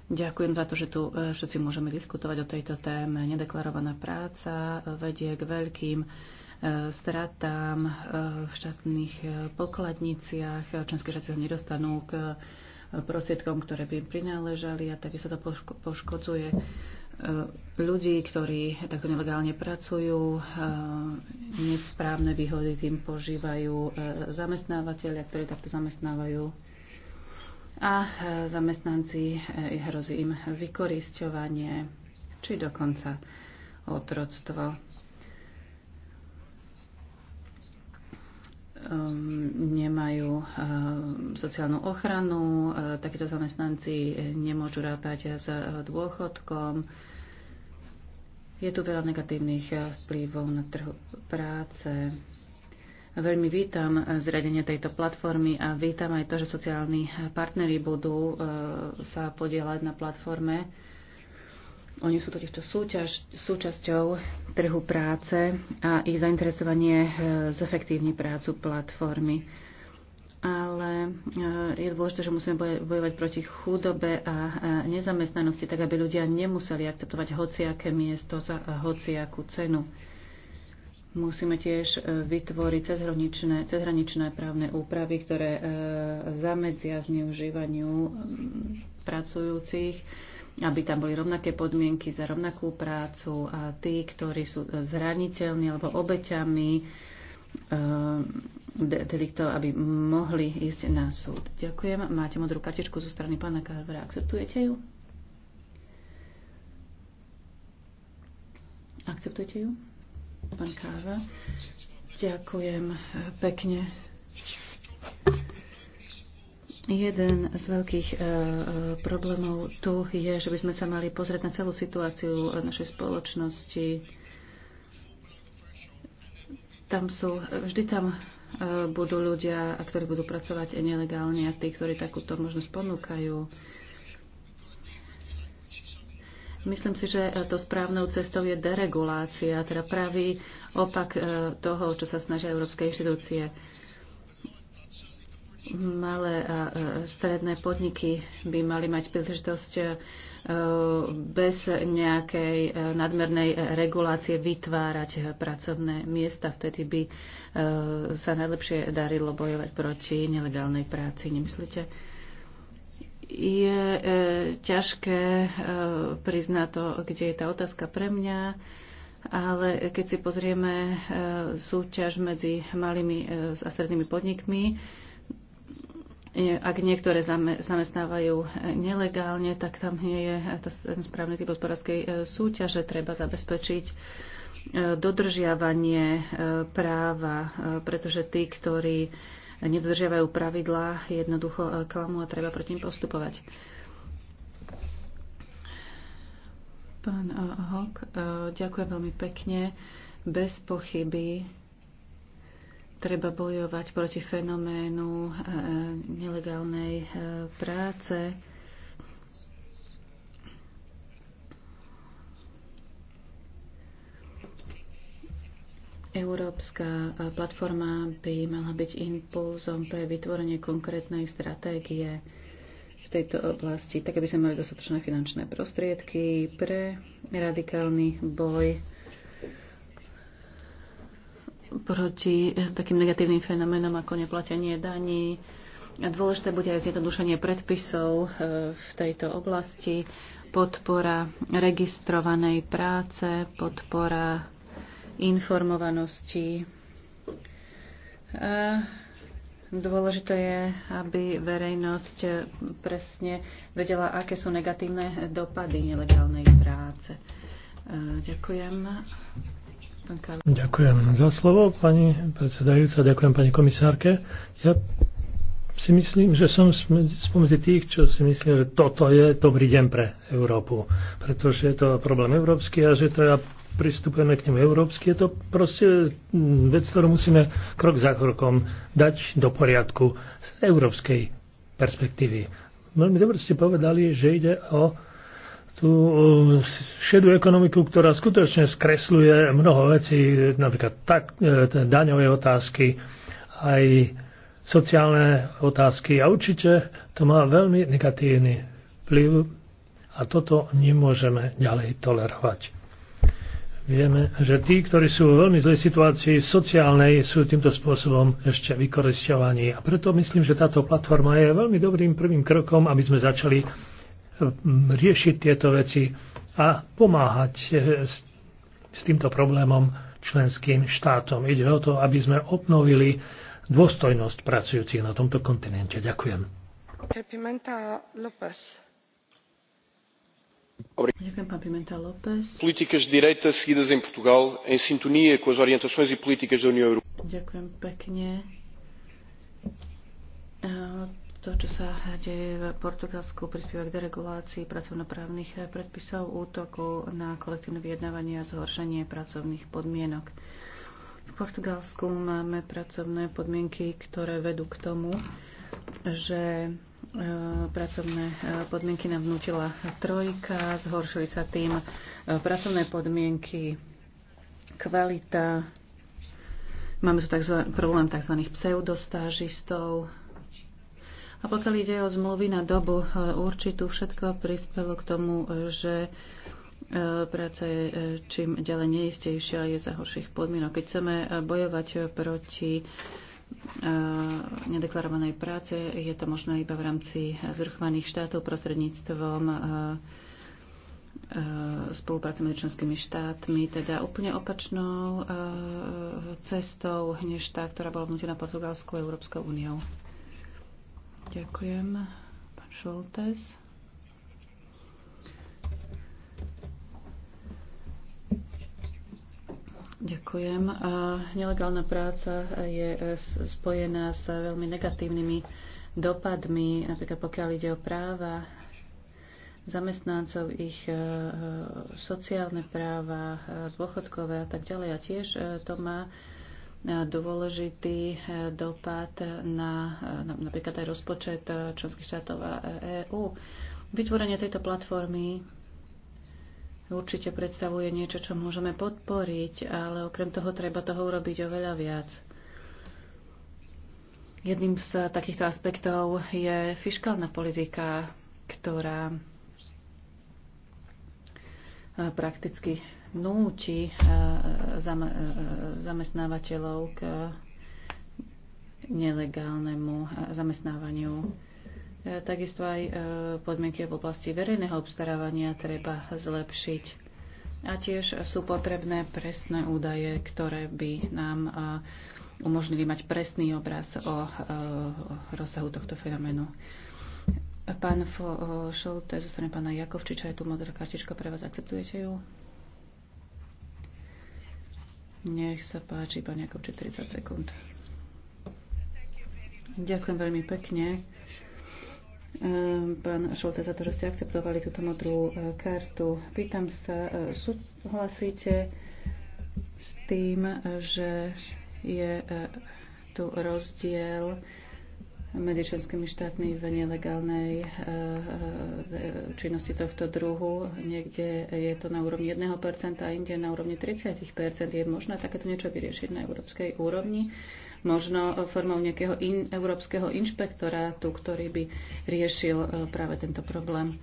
Ďakujem za to, že tu e, všetci môžeme diskutovať o tejto téme. Nedeklarovaná práca vedie k veľkým e, stratám e, v štátnych pokladniciach. Členské štáty sa nedostanú k prostriedkom, ktoré by im prináležali a takisto to poško- poškodzuje ľudí, ktorí takto nelegálne pracujú, nesprávne výhody tým požívajú zamestnávateľia, ktorí takto zamestnávajú a e, zamestnanci e, hrozí im vykorisťovanie či dokonca otroctvo. Ehm, nemajú e, sociálnu ochranu, takíto zamestnanci nemôžu rátať s dôchodkom. Je tu veľa negatívnych vplyvov na trhu práce. Veľmi vítam zriadenie tejto platformy a vítam aj to, že sociálni partneri budú e, sa podielať na platforme. Oni sú totižto súťaž, súčasťou trhu práce a ich zainteresovanie e, zefektívni prácu platformy. Ale e, je dôležité, že musíme bojovať proti chudobe a nezamestnanosti, tak aby ľudia nemuseli akceptovať hociaké miesto za hociakú cenu. Musíme tiež e, vytvoriť cezhraničné, cezhraničné právne úpravy, ktoré e, zamedzia zneužívaniu pracujúcich, aby tam boli rovnaké podmienky za rovnakú prácu a tí, ktorí sú e, zraniteľní alebo obeťami delikto, aby mohli ísť na súd. Ďakujem. Máte modrú kartičku zo strany pána Karvera. Akceptujete ju? Akceptujete ju? Pán Káva. ďakujem eh, pekne. Jeden z veľkých e, problémov tu je, že by sme sa mali pozrieť na celú situáciu našej spoločnosti. Tam sú, vždy tam e, budú ľudia, ktorí budú pracovať nelegálne a tí, ktorí takúto možnosť ponúkajú. E, Myslím si, že e, to správnou cestou je deregulácia, teda pravý opak e, toho, čo sa snažia európske inštitúcie. Malé a e, stredné podniky by mali mať príležitosť bez nejakej nadmernej regulácie vytvárať pracovné miesta. Vtedy by sa najlepšie darilo bojovať proti nelegálnej práci. Nemyslíte? je e, ťažké e, priznať to, kde je tá otázka pre mňa, ale keď si pozrieme e, súťaž medzi malými e, a strednými podnikmi, ak niektoré zamestnávajú e, nelegálne, tak tam nie je e, ten správny typ e, súťaže. Treba zabezpečiť e, dodržiavanie práva, pretože tí, ktorí nedodržiavajú pravidlá, jednoducho eh, klamú a treba proti nim postupovať. Pán Hok, eh, eh, ďakujem veľmi pekne. Bez pochyby treba bojovať proti fenoménu nelegálnej práce Európska e, platforma by mala byť impulzom pre vytvorenie konkrétnej stratégie v tejto oblasti, tak aby sme mali dostatočné finančné prostriedky pre radikálny boj proti e, takým negatívnym fenoménom ako neplatenie daní. A dôležité bude aj zjednodušenie predpisov e, v tejto oblasti, podpora registrovanej práce, podpora informovanosti. A dôležité je, aby verejnosť presne vedela, aké sú negatívne dopady nelegálnej práce. Ďakujem.
Ďakujem za slovo, pani predsedajúca, ďakujem pani komisárke. Ja si myslím, že som spomedzi tých, čo si myslia, že toto je dobrý deň pre Európu, pretože je to problém európsky a že treba pristupujeme k nemu európsky. Je to proste mm, vec, ktorú musíme krok za krokom dať do poriadku z európskej perspektívy. Veľmi dobre ste povedali, že ide o tú mm, šedú ekonomiku, ktorá skutočne skresluje mnoho vecí, napríklad tak, e, daňové otázky, aj sociálne otázky a určite to má veľmi negatívny vplyv a toto nemôžeme ďalej tolerovať. Vieme, že tí, ktorí sú v veľmi zlej situácii sociálnej, sú týmto spôsobom ešte vykoristovaní. A preto myslím, že táto platforma je veľmi dobrým prvým krokom, aby sme začali eh, riešiť tieto veci a pomáhať eh, s, týmto problémom členským štátom. Ide o to, aby sme obnovili dôstojnosť pracujúcich na tomto kontinente. Ďakujem.
Trpimenta López.
Ďakujem, pán Pimenta López. de direita seguidas em Portugal em sintonia com as orientações e políticas da União Europeia. Ďakujem pekne. To, čo sa deje v Portugalsku, prispieva k deregulácii pracovnoprávnych predpisov, útokov na kolektívne vyjednávanie a zhoršenie pracovných podmienok. V Portugalsku máme pracovné podmienky, ktoré vedú k tomu, že E, pracovné e, podmienky nám vnútila trojka, zhoršili sa tým e, pracovné podmienky, kvalita, máme tu tzv. problém tzv. pseudostážistov. A pokiaľ ide o zmluvy na dobu určitú, všetko prispelo k tomu, že práca je čím ďalej neistejšia, je za horších podmienok. Keď chceme bojovať proti E, nedeklarovanej práce je to možné iba v rámci Zrchovaných štátov prostredníctvom e, e, spolupráce medzi členskými štátmi, teda úplne opačnou cestou než tá, ktorá bola vnútená Portugalskou a Európskou úniou. Ďakujem. Pán Šoltes. Ďakujem. Nelegálna práca je e, spojená s veľmi negatívnymi dopadmi, napríklad pokiaľ ide o práva zamestnancov, ich e, e, sociálne práva, dôchodkové a tak ďalej. A tiež to má dôležitý dopad na napríklad aj rozpočet členských štátov a EÚ. Vytvorenie tejto platformy určite predstavuje niečo, čo môžeme podporiť, ale okrem toho treba toho urobiť oveľa viac. Jedným z takýchto aspektov je fiskálna politika, ktorá prakticky núti eh, eh, zamestnávateľov k nelegálnemu eh, zamestnávaniu E, takisto aj e, podmienky v oblasti verejného obstarávania treba zlepšiť. A tiež sú potrebné presné údaje, ktoré by nám e, umožnili mať presný obraz o rozsahu tohto fenoménu. Pán Šolte zo strany pána Jakovčiča je tu modrá kartička pre vás. Akceptujete ju? Nech sa páči, pán Jakovčič, 30 sekúnd. Ďakujem veľmi pekne. Ehm, pán Šolte, za to, že ste akceptovali túto modrú eh, kartu. Pýtam sa, eh, súhlasíte s tým, eh, že je tu rozdiel medzi členskými štátmi v nelegálnej činnosti tohto druhu. Niekde je to na úrovni 1% a inde na úrovni 30%. Je možné takéto niečo vyriešiť na európskej úrovni možno formou nejakého in, európskeho inšpektorátu, ktorý by riešil e, práve tento problém.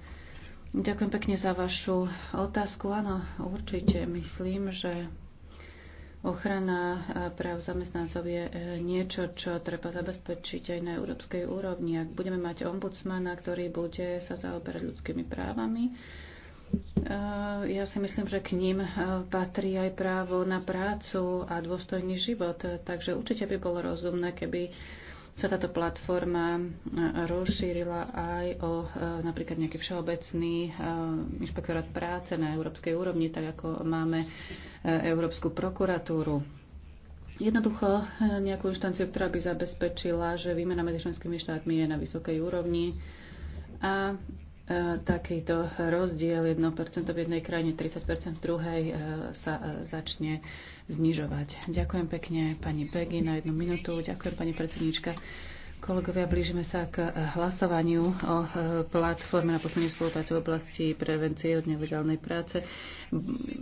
Ďakujem pekne za vašu otázku. Áno, určite myslím, že ochrana e, práv zamestnancov je e, niečo, čo treba zabezpečiť aj na európskej úrovni. Ak budeme mať ombudsmana, ktorý bude sa zaoberať ľudskými právami, ja si myslím, že k ním eh, patrí aj právo na prácu a dôstojný život. Takže určite by bolo rozumné, keby sa táto platforma eh, rozšírila aj o eh, napríklad nejaký všeobecný inšpektorát práce na európskej úrovni, tak ako máme Európsku prokuratúru. Jednoducho nejakú inštanciu, ktorá by zabezpečila, že výmena medzi členskými štátmi je na vysokej úrovni a E, takýto rozdiel 1% v jednej krajine, 30% v druhej e, sa e, začne znižovať. Ďakujem pekne pani Pegy, na jednu minútu. Ďakujem pani predsednička. Kolegovia, blížime sa k hlasovaniu o platforme na poslednú spoluprácu v oblasti prevencie od nelegálnej práce.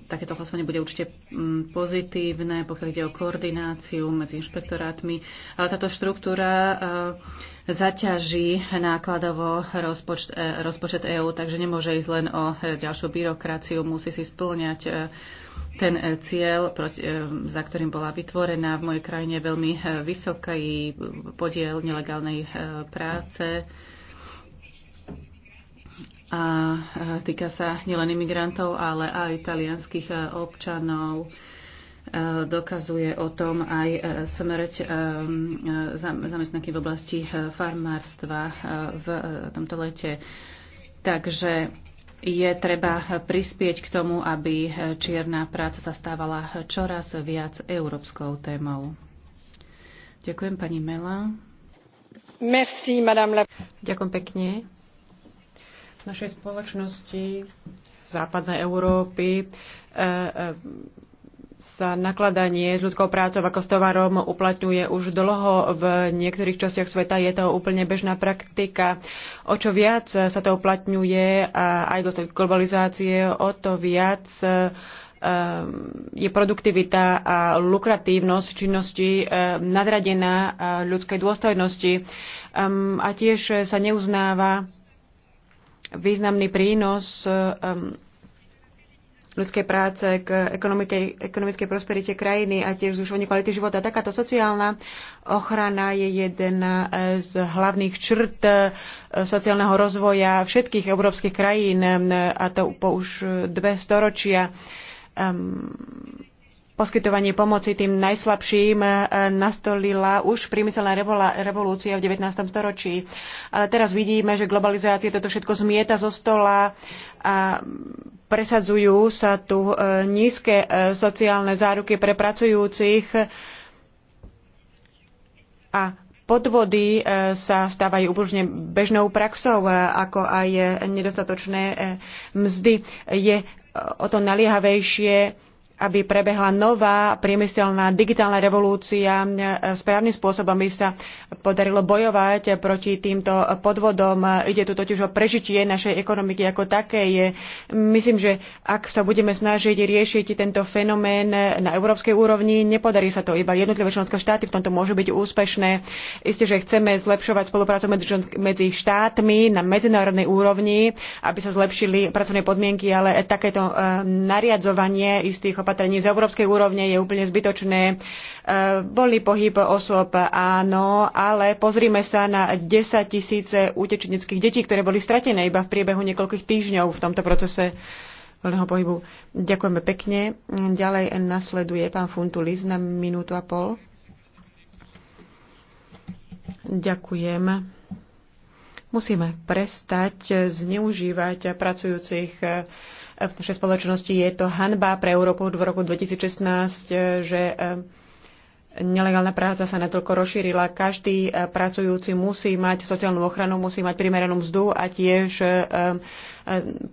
Takéto hlasovanie bude určite mm, pozitívne, pokiaľ ide o koordináciu medzi inšpektorátmi, ale táto štruktúra zaťaží nákladovo rozpočet, e, rozpočet EÚ, takže nemôže ísť len o e, ďalšiu byrokraciu, musí si splňať e, ten cieľ, za ktorým bola vytvorená v mojej krajine, veľmi vysoký podiel nelegálnej práce a týka sa nielen imigrantov, ale aj italianských občanov dokazuje o tom aj e, smrť e, e, zamestnanky v oblasti farmárstva v tomto lete. Takže je treba prispieť k tomu, aby čierna práca sa stávala čoraz viac európskou témou. Ďakujem pani Mela.
Merci, madame la... Ďakujem pekne. V našej spoločnosti západnej Európy e, e, sa nakladanie s ľudskou prácou ako s tovarom uplatňuje už dlho. V niektorých častiach sveta je to úplne bežná praktika. O čo viac sa to uplatňuje a aj do globalizácie, o to viac ehm, je produktivita a lukratívnosť činnosti ehm, nadradená ľudskej dôstojnosti ehm, a tiež sa neuznáva významný prínos ľudskej práce, k ekonomickej prosperite krajiny a tiež zvyšovanie kvality života. Takáto sociálna ochrana je jeden z hlavných črt eh, sociálneho rozvoja všetkých európskych krajín eh, a to po už dve storočia. Um, poskytovanie pomoci tým najslabším e, nastolila už priemyselná revolúcia v 19. storočí. Ale teraz vidíme, že globalizácia toto všetko zmieta zo stola a presadzujú sa tu e, nízke e, sociálne záruky pre pracujúcich a podvody sa stávajú úplne bežnou praxou, ako aj nedostatočné mzdy. Je o to naliehavejšie aby prebehla nová priemyselná digitálna revolúcia. E, správnym spôsobom by sa podarilo bojovať proti týmto podvodom. Ide tu totiž o prežitie našej ekonomiky ako také. Je, myslím, že ak sa budeme snažiť riešiť tento fenomén na európskej úrovni, nepodarí sa to iba jednotlivé členské štáty v tomto môžu byť úspešné. Isté, že chceme zlepšovať spoluprácu medzi štátmi na medzinárodnej úrovni, aby sa zlepšili pracovné podmienky, ale takéto e, nariadzovanie istých opatrení opatrení z európskej úrovne je úplne zbytočné. Voľný e, pohyb osôb áno, ale pozrime sa na 10 tisíce utečeneckých detí, ktoré boli stratené iba v priebehu niekoľkých týždňov v tomto procese voľného pohybu. Ďakujeme pekne. Ďalej nasleduje pán Funtulis na minútu a pol. Ďakujem. Musíme prestať zneužívať pracujúcich v našej spoločnosti. Je to hanba pre Európu v roku 2016, že eh, nelegálna práca sa natoľko rozšírila. Každý eh, pracujúci musí mať sociálnu ochranu, musí mať primeranú mzdu a tiež eh,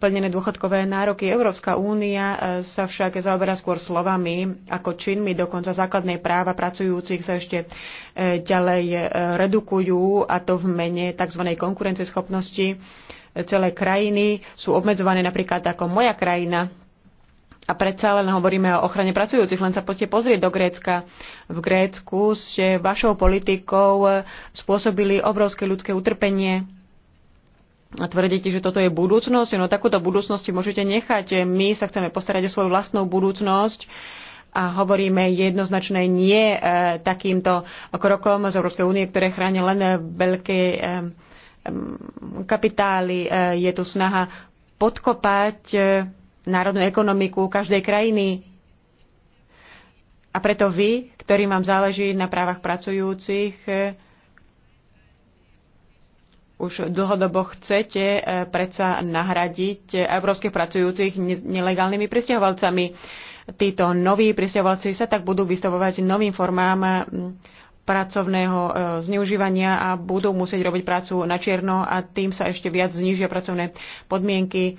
plnené dôchodkové nároky. Európska únia sa však zaoberá skôr slovami ako činmi. Dokonca základné práva pracujúcich sa ešte ďalej redukujú a to v mene tzv. konkurenceschopnosti Celé krajiny sú obmedzované napríklad ako moja krajina. A predsa len hovoríme o ochrane pracujúcich, len sa poďte pozrieť do Grécka. V Grécku ste vašou politikou e, spôsobili obrovské ľudské utrpenie. A tvrdíte, že toto je budúcnosť, no takúto budúcnosť môžete nechať. My sa chceme postarať o svoju vlastnú budúcnosť a hovoríme jednoznačné nie e, takýmto krokom z Európskej únie, ktoré chráni len veľké e, Mm, kapitály, e, je tu snaha podkopať e, národnú ekonomiku každej krajiny. A preto vy, ktorým vám záleží na právach pracujúcich, e, už dlhodobo chcete predsa nahradiť európskych pracujúcich nelegálnymi pristahovalcami. Títo noví pristahovalci sa tak budú vystavovať novým formám pracovného e, zneužívania a budú musieť robiť prácu na čierno a tým sa ešte viac znižia pracovné podmienky.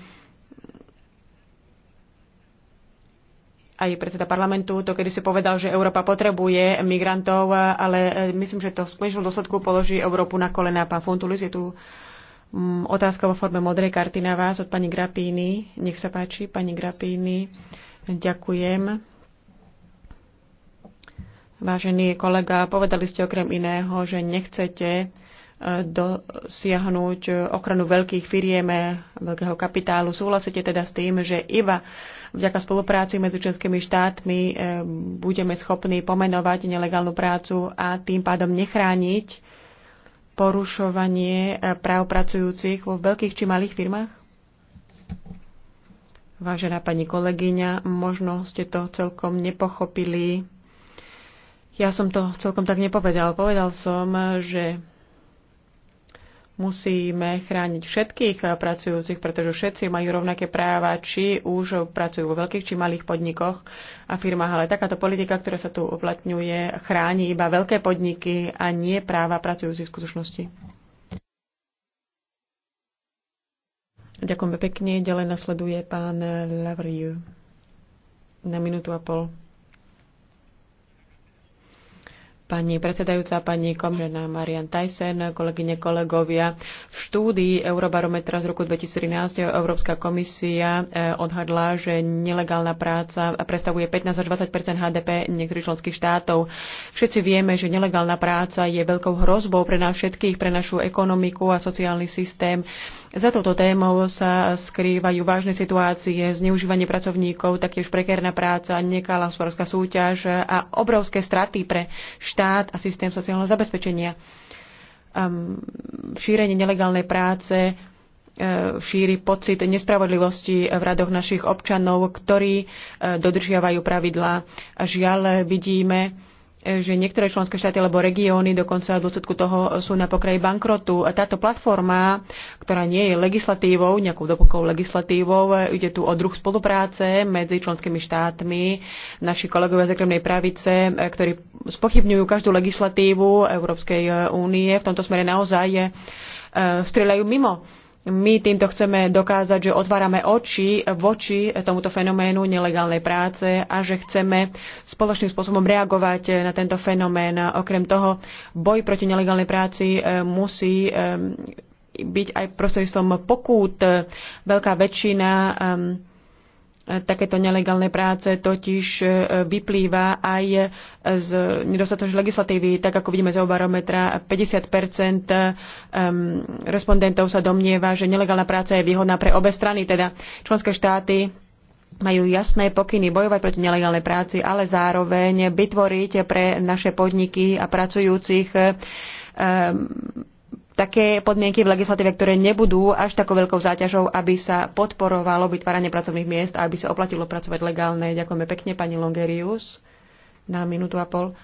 aj predseda parlamentu, to kedy si povedal, že Európa potrebuje migrantov, ale e, myslím, že to v konečnom dôsledku položí Európu na kolená. Pán Fontulis, je tu mm, otázka vo forme modrej karty na vás od pani Grapíny. Nech sa páči, pani Grapíny. Ďakujem. Vážený kolega, povedali ste okrem iného, že nechcete e, dosiahnuť e, ochranu veľkých firiem, e, veľkého kapitálu. Súhlasíte teda s tým, že iba vďaka spolupráci medzi členskými štátmi budeme schopní pomenovať nelegálnu prácu a tým pádom nechrániť porušovanie práv pracujúcich vo veľkých či malých firmách? Vážená pani kolegyňa, možno ste to celkom nepochopili ja som to celkom tak nepovedal. Povedal som, že musíme chrániť všetkých pracujúcich, pretože všetci majú rovnaké práva, či už pracujú vo veľkých či malých podnikoch a firmách. Ale takáto politika, ktorá sa tu uplatňuje, chráni iba veľké podniky a nie práva pracujúcich v skutočnosti. Ďakujem pekne. Ďalej nasleduje pán Lavriu na minútu a pol. Pani predsedajúca, pani komžena Marian Tyson, kolegyne, kolegovia. V štúdii Eurobarometra z roku 2013 Európska komisia e, odhadla, že nelegálna práca predstavuje 15 až 20 HDP niektorých členských štátov. Všetci vieme, že nelegálna práca je veľkou hrozbou pre nás všetkých, pre našu ekonomiku a sociálny systém. Za touto témou sa skrývajú vážne situácie, zneužívanie pracovníkov, taktiež prekérna práca, nekalá hospodárska súťaž a obrovské straty pre štát a systém sociálneho zabezpečenia. Um, šírenie nelegálnej práce e, šíri pocit nespravodlivosti v radoch našich občanov, ktorí e, dodržiavajú pravidlá. Žiaľ, vidíme, že niektoré členské štáty alebo regióny dokonca v dôsledku toho sú na pokraji bankrotu. A táto platforma, ktorá nie je legislatívou, nejakou dopokou legislatívou, ide tu o druh spolupráce medzi členskými štátmi. Naši kolegovia z ekremnej pravice, ktorí spochybňujú každú legislatívu Európskej únie, v tomto smere naozaj eh, strieľajú mimo my týmto chceme dokázať, že otvárame oči voči tomuto fenoménu nelegálnej práce a že chceme spoločným spôsobom reagovať na tento fenomén. Okrem toho, boj proti nelegálnej práci eh, musí eh, byť aj prostredstvom pokút. Veľká väčšina eh, takéto nelegálne práce totiž e, vyplýva aj z nedostatočnej legislatívy. Tak ako vidíme z obarometra, 50 respondentov sa domnieva, že nelegálna práca je výhodná pre obe strany, teda členské štáty majú jasné pokyny bojovať proti nelegálnej práci, ale zároveň vytvoriť pre naše podniky a pracujúcich um, také podmienky v legislatíve, ktoré nebudú až takou veľkou záťažou, aby sa podporovalo vytváranie pracovných miest a aby sa oplatilo pracovať legálne. Ďakujeme pekne, pani Longerius, na minútu a pol.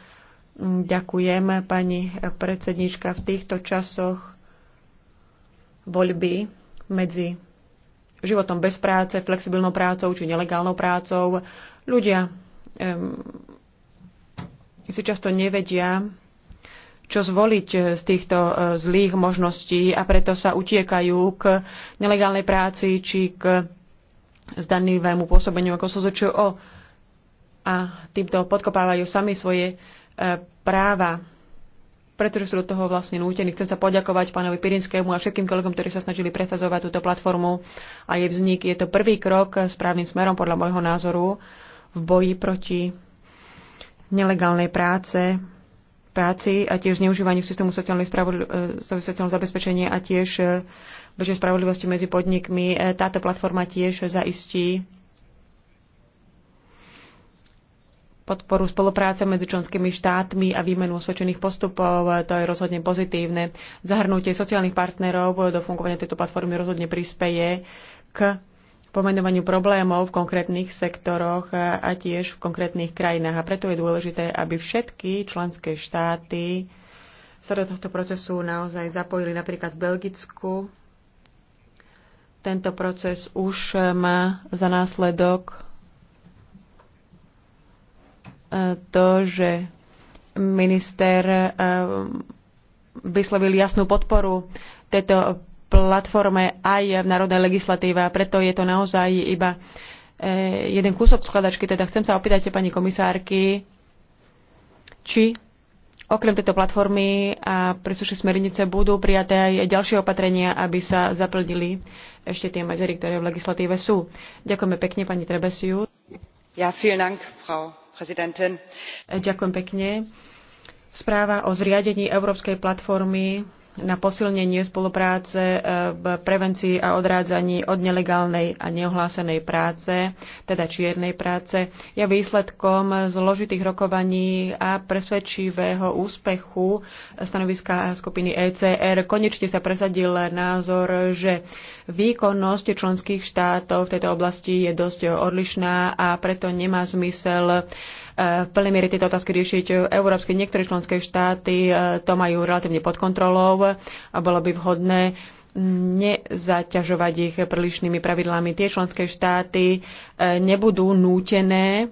Mm, ďakujem, pani predsednička. V týchto časoch voľby medzi životom bez práce, flexibilnou prácou či nelegálnou prácou ľudia um, si často nevedia, čo zvoliť e, z týchto e, zlých možností a preto sa utiekajú k nelegálnej práci či k zdanlivému pôsobeniu ako SZČO a týmto podkopávajú sami svoje e, práva, pretože sú do toho vlastne nútení. Chcem sa poďakovať pánovi Pirinskému a všetkým kolegom, ktorí sa snažili presazovať túto platformu a jej vznik. Je to prvý krok správnym smerom podľa môjho názoru v boji proti nelegálnej práce práci a tiež zneužívaniu systému sociálnej e, sociálneho zabezpečenia a tiež e, bežnej spravodlivosti medzi podnikmi. E, táto platforma tiež zaistí podporu spolupráce medzi členskými štátmi a výmenu osvedčených postupov. To je rozhodne pozitívne. Zahrnutie sociálnych partnerov do fungovania tejto platformy rozhodne prispeje k pomenovaniu problémov v konkrétnych sektoroch a tiež v konkrétnych krajinách. A preto je dôležité, aby všetky členské štáty sa do tohto procesu naozaj zapojili. Napríklad v Belgicku tento proces už má za následok e, to, že minister e, vyslovil jasnú podporu tejto platforme aj v národnej legislatíve a preto je to naozaj iba e, jeden kúsok skladačky. Teda chcem sa opýtať pani komisárky, či okrem tejto platformy a príslušnej smernice budú prijaté aj ďalšie opatrenia, aby sa zaplnili ešte tie medzery, ktoré v legislatíve sú. Ďakujeme pekne, pani Trebesiu. Ja, vielen Dank, Frau Präsidentin. Ďakujem pekne. Správa o zriadení Európskej platformy na posilnenie spolupráce e, v prevencii a odrádzaní od nelegálnej a neohlásenej práce, teda čiernej práce, je výsledkom zložitých rokovaní a presvedčivého úspechu stanoviska skupiny ECR. Konečne sa presadil názor, že výkonnosť členských štátov v tejto oblasti je dosť odlišná a preto nemá zmysel v plnej miere tieto otázky riešiť európske Niektoré členské štáty e, to majú relatívne pod kontrolou a bolo by vhodné nezaťažovať ich prílišnými pravidlami. Tie členské štáty e, nebudú nútené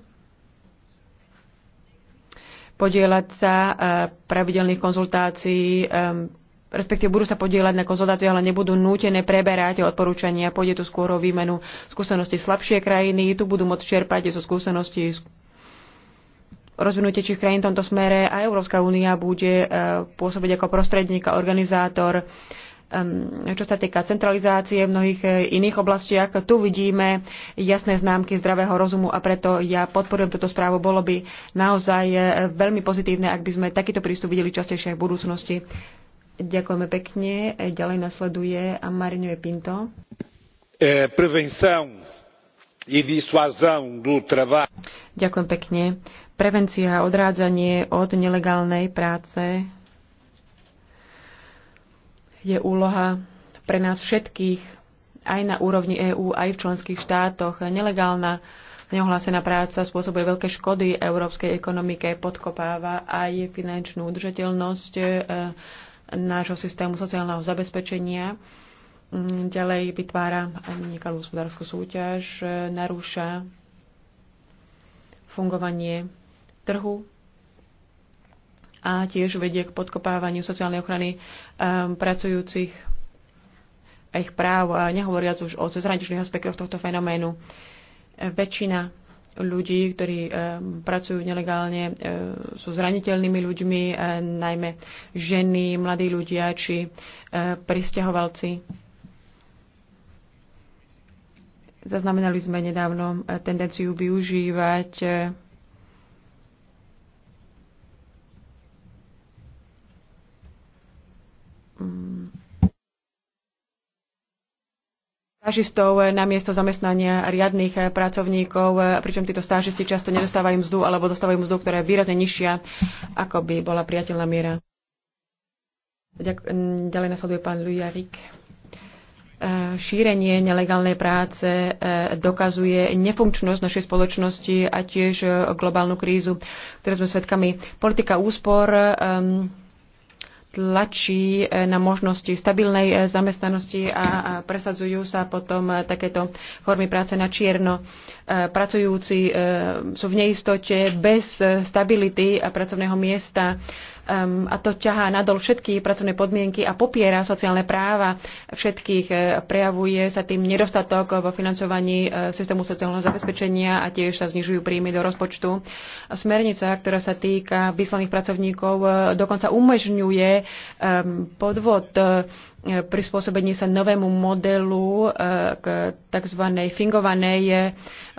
podielať sa e, pravidelných konzultácií, respektíve budú sa podielať na konzultácii, ale nebudú nútené preberať odporúčania. Pôjde tu skôr o výmenu skúseností slabšie krajiny, tu budú môcť čerpať zo skúseností rozvinutejších krajín v tomto smere a Európska únia bude e, pôsobiť ako prostredník a organizátor. Čo sa týka centralizácie v mnohých e, iných oblastiach, tu vidíme jasné známky zdravého rozumu a preto ja podporujem túto správu. Bolo by naozaj e, veľmi pozitívne, ak by sme takýto prístup videli častejšie aj v budúcnosti. Ďakujeme pekne. Ďalej nasleduje Marinho Pinto. E Ďakujem pekne. Prevencia a odrádzanie od nelegálnej práce je úloha pre nás všetkých, aj na úrovni EÚ, aj v členských štátoch. Nelegálna neohlásená práca spôsobuje veľké škody európskej ekonomike, podkopáva aj finančnú udržateľnosť eh, nášho systému sociálneho zabezpečenia Mm, ďalej vytvára nekalú hospodárskú súťaž, e, narúša fungovanie trhu a tiež vedie k podkopávaniu sociálnej ochrany um, pracujúcich a ich práv, a nehovoriac už o cezhraničných aspektoch tohto fenoménu. E, väčšina ľudí, ktorí um, pracujú nelegálne, um, sú zraniteľnými ľuďmi, um, najmä ženy, mladí ľudia či um, pristahovalci Zaznamenali sme nedávno e, tendenciu využívať e, mm, stážistov na miesto zamestnania riadných e, pracovníkov, pričom títo stážisti často nedostávajú mzdu alebo dostávajú mzdu, ktorá je výrazne nižšia, ako by bola priateľná miera. Ďak- mm, ďalej nasleduje pán Lujarik. E, šírenie nelegálnej práce e, dokazuje nefunkčnosť našej spoločnosti a tiež e, globálnu krízu, ktoré sme svedkami. Politika úspor tlačí na možnosti stabilnej zamestnanosti a presadzujú sa potom takéto formy práce na čierno. Pracujúci sú v neistote bez stability a pracovného miesta um, a to ťahá nadol všetky pracovné podmienky a popiera sociálne práva všetkých. E, prejavuje sa tým nedostatok vo financovaní e, systému sociálneho zabezpečenia a tiež sa znižujú príjmy do rozpočtu. Smernica, ktorá sa týka vyslaných pracovníkov, e, dokonca umožňuje podvod E, prispôsobenie sa novému modelu e, k tzv. fingovanej e,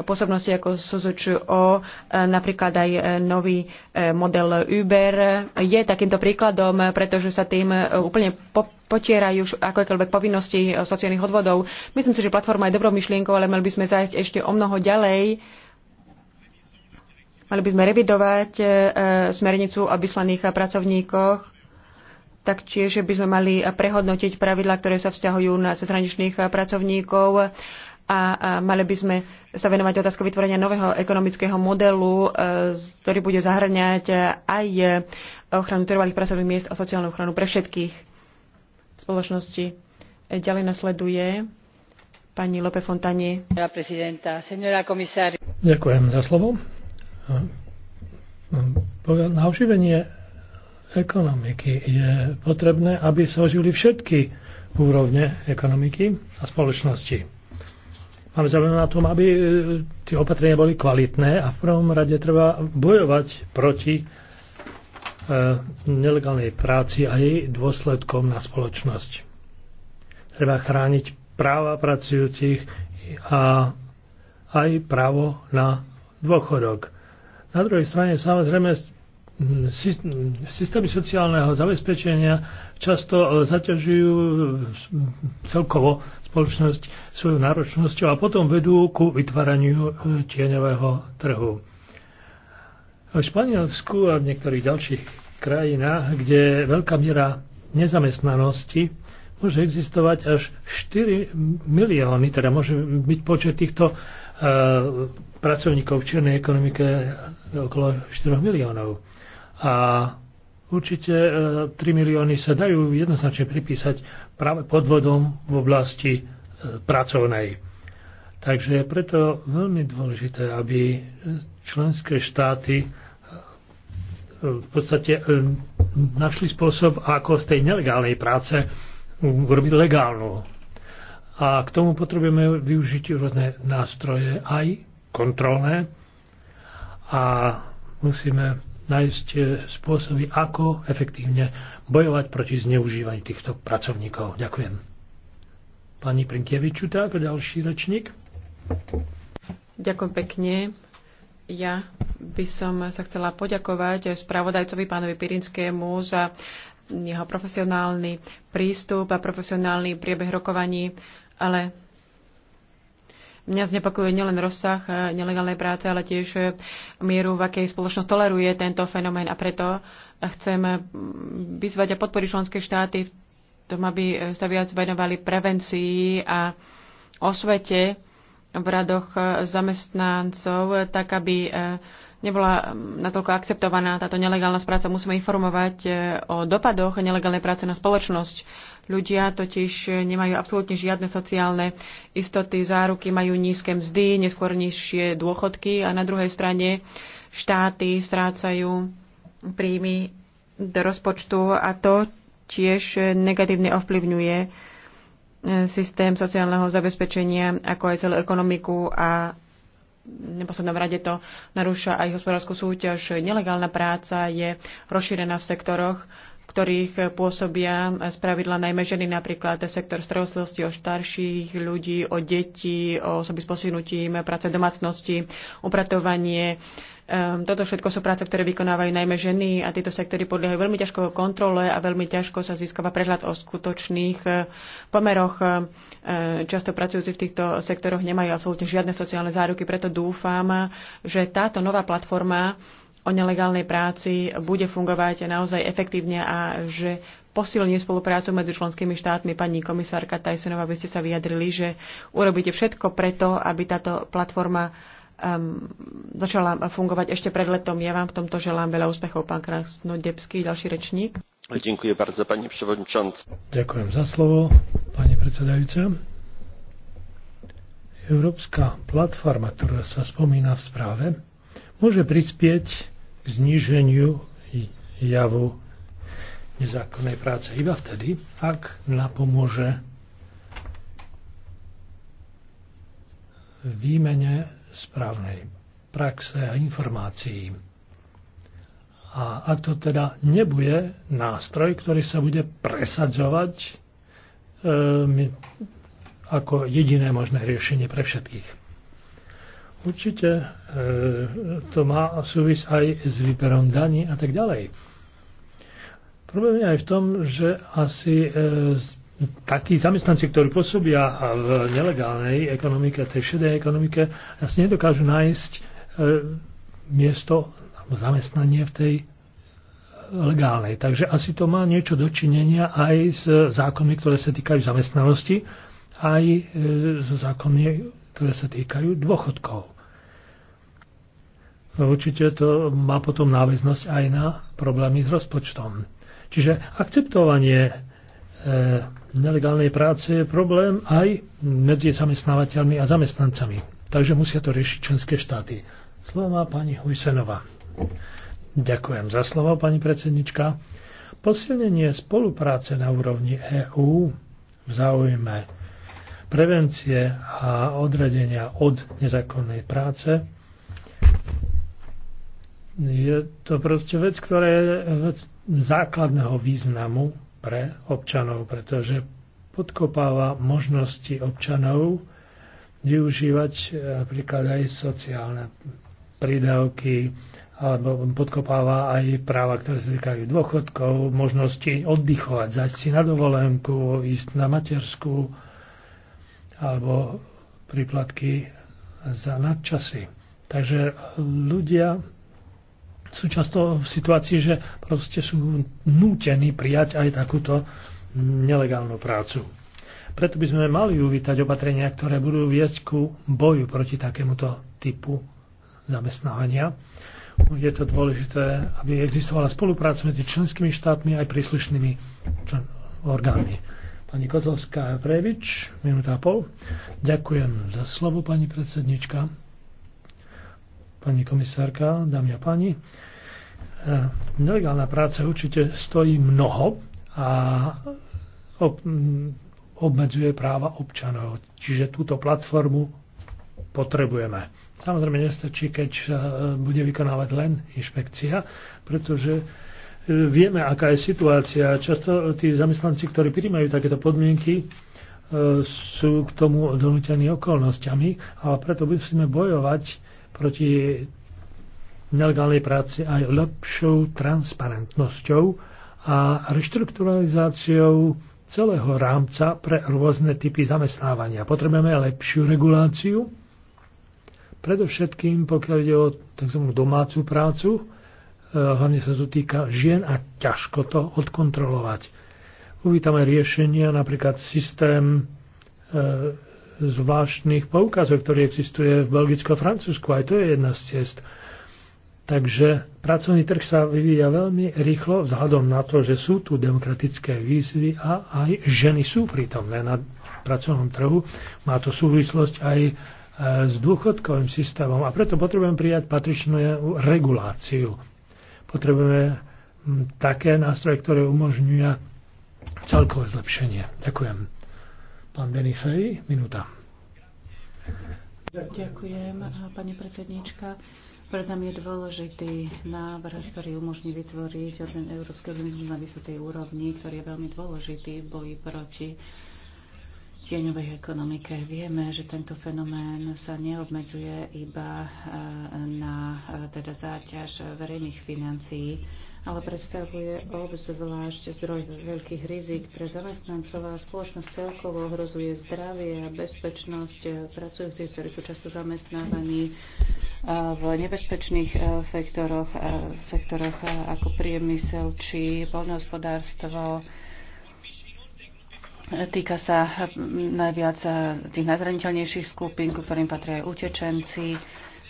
pôsobnosti ako SZČO, napríklad aj nový model Uber je takýmto príkladom, pretože sa tým úplne potierajú akékoľvek povinnosti sociálnych odvodov. Myslím si, že platforma je dobrou myšlienkou, ale mali by sme zájsť ešte o mnoho ďalej. Mali by sme revidovať smernicu o vyslaných pracovníkoch Taktiež by sme mali prehodnotiť pravidlá, ktoré sa vzťahujú na cezhraničných pracovníkov a mali by sme sa venovať otázku vytvorenia nového ekonomického modelu, e, ktorý bude zahrňať aj ochranu trvalých pracovných miest a sociálnu ochranu pre všetkých v spoločnosti. E, ďalej nasleduje pani Lope Fontani.
Ďakujem za slovo. E, na oživenie ekonomiky. Je potrebné, aby sa ožili všetky úrovne ekonomiky a spoločnosti. Máme záujem na tom, aby e, tie opatrenia boli kvalitné a v prvom rade treba bojovať proti e, nelegálnej práci a jej dôsledkom na spoločnosť. Treba chrániť práva pracujúcich a aj právo na dôchodok. Na druhej strane samozrejme systémy sociálneho zabezpečenia často e, zaťažujú e, celkovo spoločnosť svojou náročnosťou a potom vedú ku vytváraniu e, tieňového trhu. V Španielsku a v niektorých ďalších krajinách, kde je veľká miera nezamestnanosti, môže existovať až 4 milióny, teda môže byť počet týchto pracovníkov v čiernej ekonomike okolo 4 miliónov. A určite 3 e, milióny sa dajú jednoznačne pripísať práve podvodom v oblasti e, pracovnej. Takže je preto veľmi dôležité, aby e, členské štáty v podstate našli spôsob, ako z tej nelegálnej práce urobiť legálnu. A k tomu potrebujeme využiť rôzne nástroje, aj kontrolné. A musíme nájsť e, spôsoby, ako efektívne bojovať proti zneužívaní týchto pracovníkov. Ďakujem. Pani Prinkieviču, tak ďalší rečník.
Ďakujem pekne. Ja by som sa chcela poďakovať spravodajcovi pánovi Pirinskému za jeho profesionálny prístup a profesionálny priebeh rokovaní, ale Mňa znepokojuje nielen rozsah e, nelegálnej práce, ale tiež e, mieru, v akej spoločnosť toleruje tento fenomén a preto e, chcem vyzvať a podporiť členské štáty v tom, aby sa viac venovali prevencii a osvete v radoch zamestnancov, tak aby nebola mm, natoľko akceptovaná táto nelegálna práca. Musíme informovať e, o dopadoch nelegálnej práce na spoločnosť. Ľudia totiž e, nemajú absolútne žiadne sociálne istoty, záruky, majú nízke mzdy, neskôr nižšie dôchodky a na druhej strane štáty strácajú príjmy do rozpočtu a to tiež e, negatívne ovplyvňuje systém sociálneho zabezpečenia, ako aj celú ekonomiku a neposlednom rade to narúša aj hospodárskú súťaž. Nelegálna práca je rozšírená v sektoroch, ktorých pôsobia spravidla najmä ženy, napríklad sektor starostlivosti o starších ľudí, o deti, o osoby s posunutím práce domácnosti, upratovanie. Ehm, toto všetko sú práce, ktoré vykonávajú najmä ženy a tieto sektory podliehajú veľmi ťažko kontrole a veľmi ťažko sa získava prehľad o skutočných e, pomeroch. Ehm, často pracujúci v týchto sektoroch nemajú absolútne žiadne sociálne záruky, preto dúfam, že táto nová platforma o nelegálnej práci bude fungovať naozaj efektívne a že posilní spoluprácu medzi členskými štátmi. Pani komisárka Tajsenová, aby ste sa vyjadrili, že urobíte všetko preto, aby táto platforma um, začala fungovať ešte pred letom. Ja vám v tomto želám veľa úspechov, pán Krasnodebský, ďalší rečník.
Ďakujem bardzo, pani przewodnicząca. Ďakujem
za slovo, pani predsedajúca. Európska
platforma, ktorá sa spomína v správe, môže prispieť k zníženiu javu nezákonnej práce iba vtedy, ak napomôže výmene správnej praxe a informácií. A ak to teda nebude nástroj, ktorý sa bude presadzovať e, ako jediné možné riešenie pre všetkých. Určite e, to má súvis aj s výberom daní a tak ďalej. Problém je aj v tom, že asi e, takí zamestnanci, ktorí pôsobia v nelegálnej ekonomike, tej šedej ekonomike, asi nedokážu nájsť e, miesto alebo zamestnanie v tej legálnej. Takže asi to má niečo dočinenia aj s zákonmi, ktoré sa týkajú zamestnanosti, aj s zákonmi, ktoré sa týkajú dôchodkov určite to má potom náväznosť aj na problémy s rozpočtom. Čiže akceptovanie e, nelegálnej práce je problém aj medzi zamestnávateľmi a zamestnancami. Takže musia to riešiť členské štáty. Slovo má pani Hujsenová. Ďakujem za slovo, pani predsednička. Posilnenie spolupráce na úrovni EÚ v záujme prevencie a odradenia od nezákonnej práce je to proste vec, ktorá je vec základného významu pre občanov, pretože podkopáva možnosti občanov využívať e, napríklad aj sociálne prídavky, alebo podkopáva aj práva, ktoré sa týkajú dôchodkov, možnosti oddychovať, zať si na dovolenku, ísť na matersku, alebo príplatky za nadčasy. Takže ľudia sú často v situácii, že proste sú nútení prijať aj takúto nelegálnu prácu. Preto by sme mali uvítať opatrenia, ktoré budú viesť ku boju proti takémuto typu zamestnávania. Je to dôležité, aby existovala spolupráca medzi členskými štátmi aj príslušnými člen- orgánmi. Pani Kozlovská-Previč, minúta a pol. Ďakujem za slovo, pani predsednička pani komisárka, dámy a páni. E, nelegálna práca určite stojí mnoho a obmedzuje práva občanov. Čiže túto platformu potrebujeme. Samozrejme nestačí, keď e, bude vykonávať len inšpekcia, pretože e, vieme, aká je situácia. Často tí zamestnanci, ktorí príjmajú takéto podmienky, sú k tomu donútení okolnosťami a preto musíme bojovať proti nelegálnej práci aj lepšou transparentnosťou a reštrukturalizáciou celého rámca pre rôzne typy zamestnávania. Potrebujeme lepšiu reguláciu, predovšetkým pokiaľ ide o tzv. domácu prácu, e, hlavne sa to týka žien a ťažko to odkontrolovať. Uvítame riešenia, napríklad systém e, zvláštnych poukazov, ktorý existuje v Belgicku a Francúzsku. Aj to je jedna z ciest. Takže pracovný trh sa vyvíja veľmi rýchlo vzhľadom na to, že sú tu demokratické výzvy a aj ženy sú prítomné na pracovnom trhu. Má to súvislosť aj e, s dôchodkovým systémom a preto potrebujeme prijať patričnú reguláciu. Potrebujeme také nástroje, ktoré umožňujú celkové zlepšenie. Ďakujem. Pán Benifej, minúta.
Ďakujem, pani predsednička. Pred nám je dôležitý návrh, ktorý umožní vytvoriť orgán Európsky organizmu na vysokej úrovni, ktorý je veľmi dôležitý v boji proti tieňovej ekonomike. Vieme, že tento fenomén sa neobmedzuje iba eh, na eh, teda záťaž verejných financií, ale predstavuje obzvlášť zdroj veľkých rizik pre zamestnancov a spoločnosť celkovo ohrozuje zdravie a bezpečnosť pracujúcich, ktorí sú často zamestnávaní v nebezpečných e, e, sektoroch, sektoroch ako priemysel či poľnohospodárstvo. Týka sa najviac e, tých najzraniteľnejších skupín, ku ktorým patria aj utečenci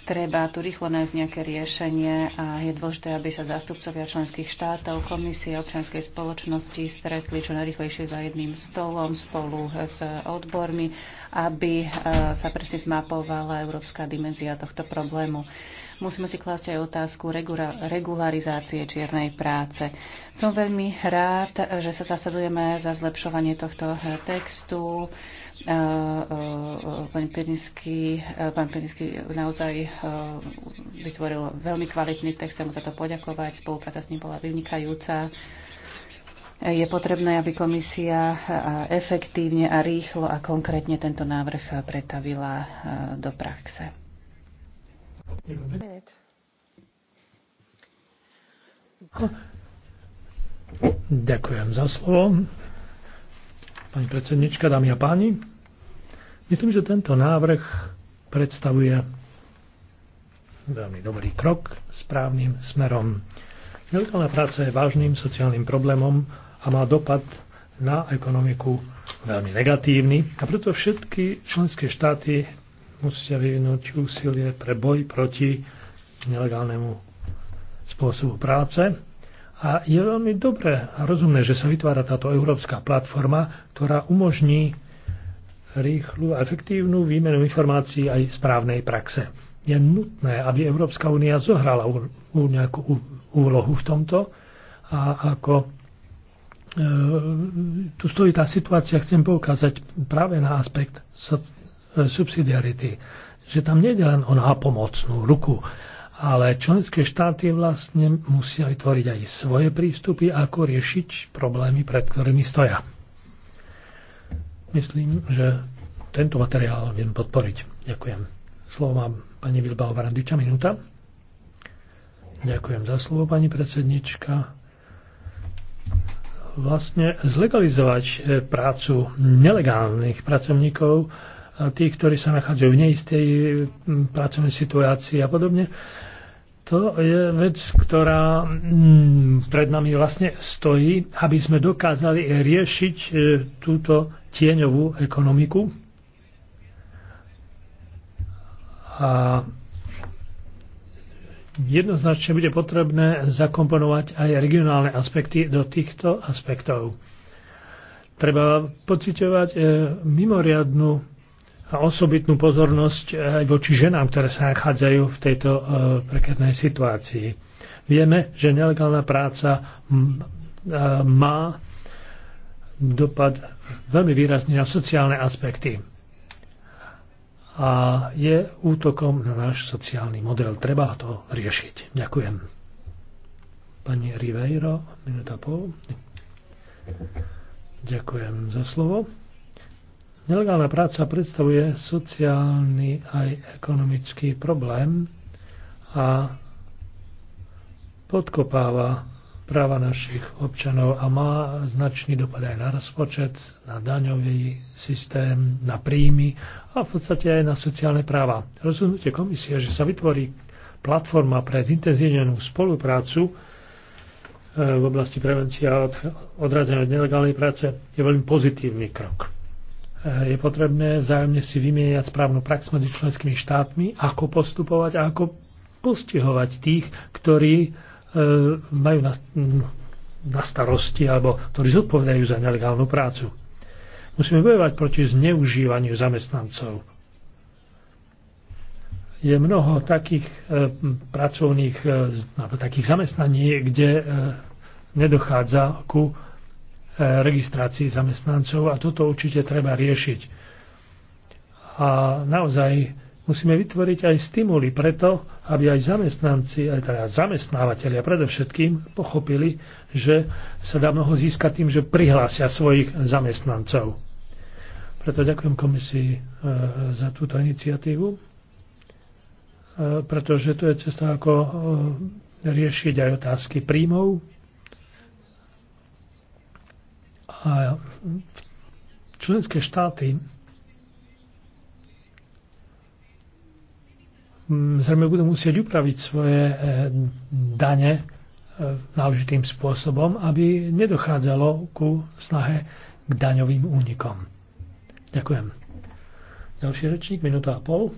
Treba tu rýchlo nájsť nejaké riešenie a je dôležité, aby sa zástupcovia členských štátov, komisie občianskej spoločnosti stretli čo najrychlejšie za jedným stolom spolu s odbormi, aby e, sa presne zmapovala európska dimenzia tohto problému. Musíme si klásť aj otázku regularizácie čiernej práce. Som veľmi rád, že sa zasadujeme za zlepšovanie tohto e, textu Pán Pirinsky, pán Pirinsky naozaj vytvoril veľmi kvalitný text, chcem mu za to poďakovať, spolupráca s ním bola vynikajúca. Je potrebné, aby komisia efektívne a rýchlo a konkrétne tento návrh pretavila do praxe.
Ďakujem za slovo. Pani predsednička, dámy a páni. Myslím, že tento návrh predstavuje veľmi dobrý krok správnym smerom. Nelegálna práca je vážnym sociálnym problémom a má dopad na ekonomiku veľmi negatívny a preto všetky členské štáty musia vyvinúť úsilie pre boj proti nelegálnemu spôsobu práce. A je veľmi dobré a rozumné, že sa vytvára táto európska platforma, ktorá umožní rýchlu a efektívnu výmenu informácií aj správnej praxe. Je nutné, aby Európska únia zohrala nejakú úlohu v tomto a ako e, tu stojí tá situácia, chcem poukázať práve na aspekt so, e, subsidiarity, že tam nie je len o nápomocnú ruku, ale členské štáty vlastne musia vytvoriť aj svoje prístupy, ako riešiť problémy, pred ktorými stoja. Myslím, že tento materiál viem podporiť. Ďakujem. Slovo má pani Bilbao Varandiča, minúta. Ďakujem za slovo, pani predsednička. Vlastne zlegalizovať e, prácu nelegálnych pracovníkov, e, tých, ktorí sa nachádzajú v neistej pracovnej situácii a podobne, to je vec, ktorá pred nami vlastne stojí, aby sme dokázali riešiť e, túto tieňovú ekonomiku. A jednoznačne bude potrebné zakomponovať aj regionálne aspekty do týchto aspektov. Treba pocitovať e, mimoriadnú a osobitnú pozornosť aj voči ženám, ktoré sa nachádzajú v tejto e, prekernej situácii. Vieme, že nelegálna práca e, má dopad veľmi výrazne na sociálne aspekty. A je útokom na náš sociálny model. Treba to riešiť. Ďakujem. Pani Riveiro, minúta pol. Ďakujem za slovo. Nelegálna práca predstavuje sociálny aj ekonomický problém a podkopáva práva našich občanov a má značný dopad aj na rozpočet, na daňový systém, na príjmy a v podstate aj na sociálne práva. Rozhodnutie komisie, že sa vytvorí platforma pre zintenzívnenú spoluprácu e, v oblasti prevencie a odradzenia od nelegálnej práce je veľmi pozitívny krok. E, je potrebné zájomne si vymieňať správnu prax medzi členskými štátmi, ako postupovať a ako postihovať tých, ktorí E, majú na, na starosti alebo ktorí zodpovedajú za nelegálnu prácu. Musíme bojovať proti zneužívaniu zamestnancov. Je mnoho takých e, pracovných, e, takých zamestnaní, kde e, nedochádza ku e, registrácii zamestnancov a toto určite treba riešiť. A naozaj Musíme vytvoriť aj stimuly preto, aby aj zamestnanci, aj teda zamestnávateľia predovšetkým pochopili, že sa dá mnoho získať tým, že prihlásia svojich zamestnancov. Preto ďakujem komisii e, za túto iniciatívu, e, pretože to je cesta, ako e, riešiť aj otázky príjmov. A členské štáty Mm, zrejme budú musieť upraviť svoje e, dane e, náležitým spôsobom, aby nedochádzalo ku snahe k daňovým únikom. Ďakujem. Ďalší rečník, minúta a pol.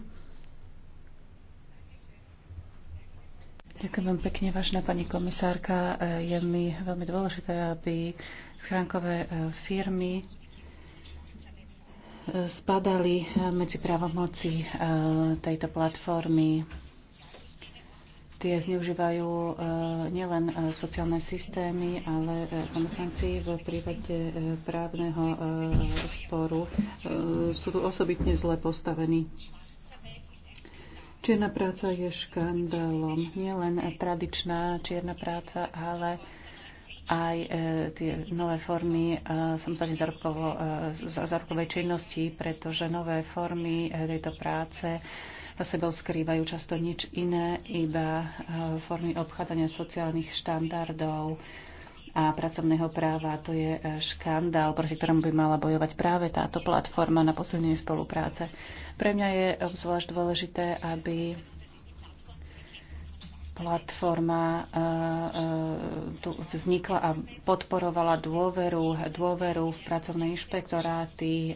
Ďakujem vám pekne, vážna pani komisárka. E, je mi veľmi dôležité, aby schránkové firmy spadali eh, medzi právomoci eh, tejto platformy. Tie zneužívajú eh, nielen sociálne systémy, ale zamestnanci v prípade právneho sporu sú tu osobitne zle postavení. Čierna práca je škandálom. Nie len tradičná čierna práca, ale aj e, tie nové formy e, samozrejme zárobkovo, e, činnosti, pretože nové formy e, tejto práce za sebou skrývajú často nič iné, iba e, formy obchádzania sociálnych štandardov a pracovného práva. To je e, škandál, proti ktorému by mala bojovať práve táto platforma na posilnenie spolupráce. Pre mňa je obzvlášť dôležité, aby platforma e, e, tu vznikla a podporovala dôveru, dôveru v pracovné inšpektoráty, e,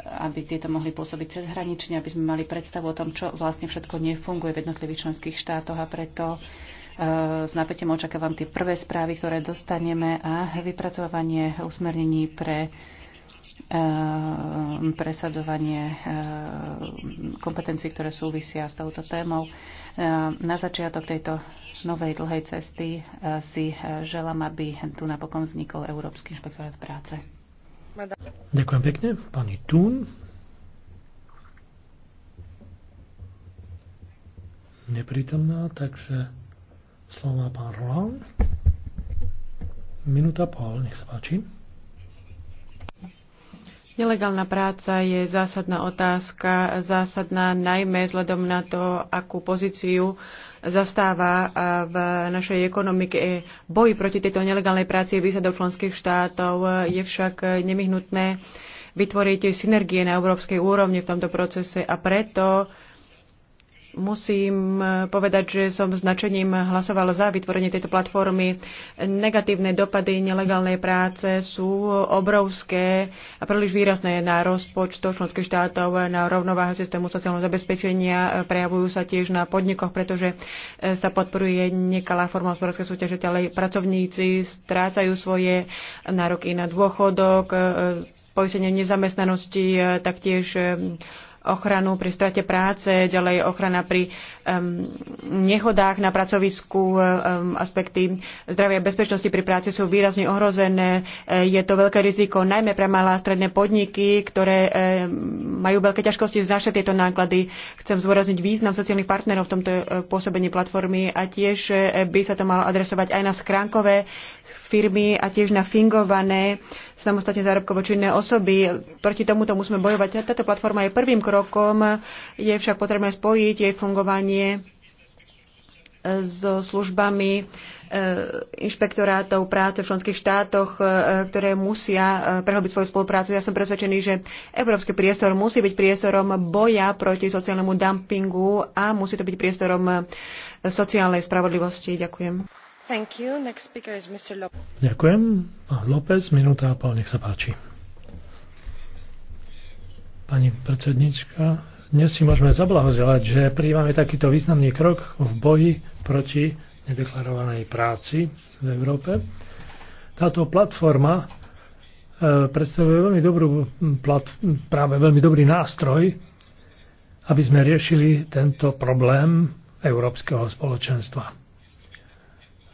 aby tieto mohli pôsobiť cezhranične, aby sme mali predstavu o tom, čo vlastne všetko nefunguje v jednotlivých členských štátoch a preto s napätím očakávam tie prvé správy, ktoré dostaneme a vypracovanie usmernení pre Eh, presadzovanie eh, kompetencií, ktoré súvisia s touto témou. Eh, na začiatok tejto novej dlhej cesty si želám, aby tu napokon vznikol Európsky inšpektorát práce.
Ďakujem pekne.
Pani Tún. Neprítomná, takže slovo má pán Roland. Minúta pol, nech sa páči.
Nelegálna práca je zásadná otázka, zásadná najmä vzhľadom na to, akú pozíciu zastáva v našej ekonomike. Boj proti tejto nelegálnej práci je výsadok členských štátov, je však nevyhnutné vytvoriť synergie na európskej úrovni v tomto procese a preto Musím povedať, že som značením hlasovala za vytvorenie tejto platformy. Negatívne dopady nelegálnej práce sú obrovské a príliš výrazné na rozpočto členských štátov, na rovnováhu systému sociálneho zabezpečenia. Prejavujú sa tiež na podnikoch, pretože e, sa podporuje nekalá forma hospodárskej súťaže, ale pracovníci strácajú svoje nároky na dôchodok, e, poistenie nezamestnanosti, e, taktiež ochranu pri strate práce, ďalej ochrana pri Um, nehodách na pracovisku, um, aspekty zdravia a bezpečnosti pri práci sú výrazne ohrozené. Uh, je to veľké riziko najmä pre malé a stredné podniky, ktoré um, majú veľké ťažkosti znášať tieto náklady. Chcem zdôrazniť význam sociálnych partnerov v tomto uh, pôsobení platformy a tiež uh, by sa to malo adresovať aj na skránkové firmy a tiež na fingované samostatne zárobkovo činné osoby. Proti tomuto musíme bojovať. Táto platforma je prvým krokom, je však potrebné spojiť jej fungovanie spojenie e, so službami e, inšpektorátov práce v členských štátoch, e, ktoré musia prehlbiť svoju spoluprácu. Ja som presvedčený, že európsky priestor musí byť priestorom boja proti sociálnemu dumpingu a musí to byť priestorom sociálnej spravodlivosti. Ďakujem. Thank you. Next speaker is Mr. Lopez.
Ďakujem. López, minúta a pol, nech sa páči. Pani predsednička, dnes si môžeme zablahozelať, že príjmame takýto významný krok v boji proti nedeklarovanej práci v Európe. Táto platforma e, predstavuje veľmi dobrú plat, práve veľmi dobrý nástroj, aby sme riešili tento problém Európskeho spoločenstva.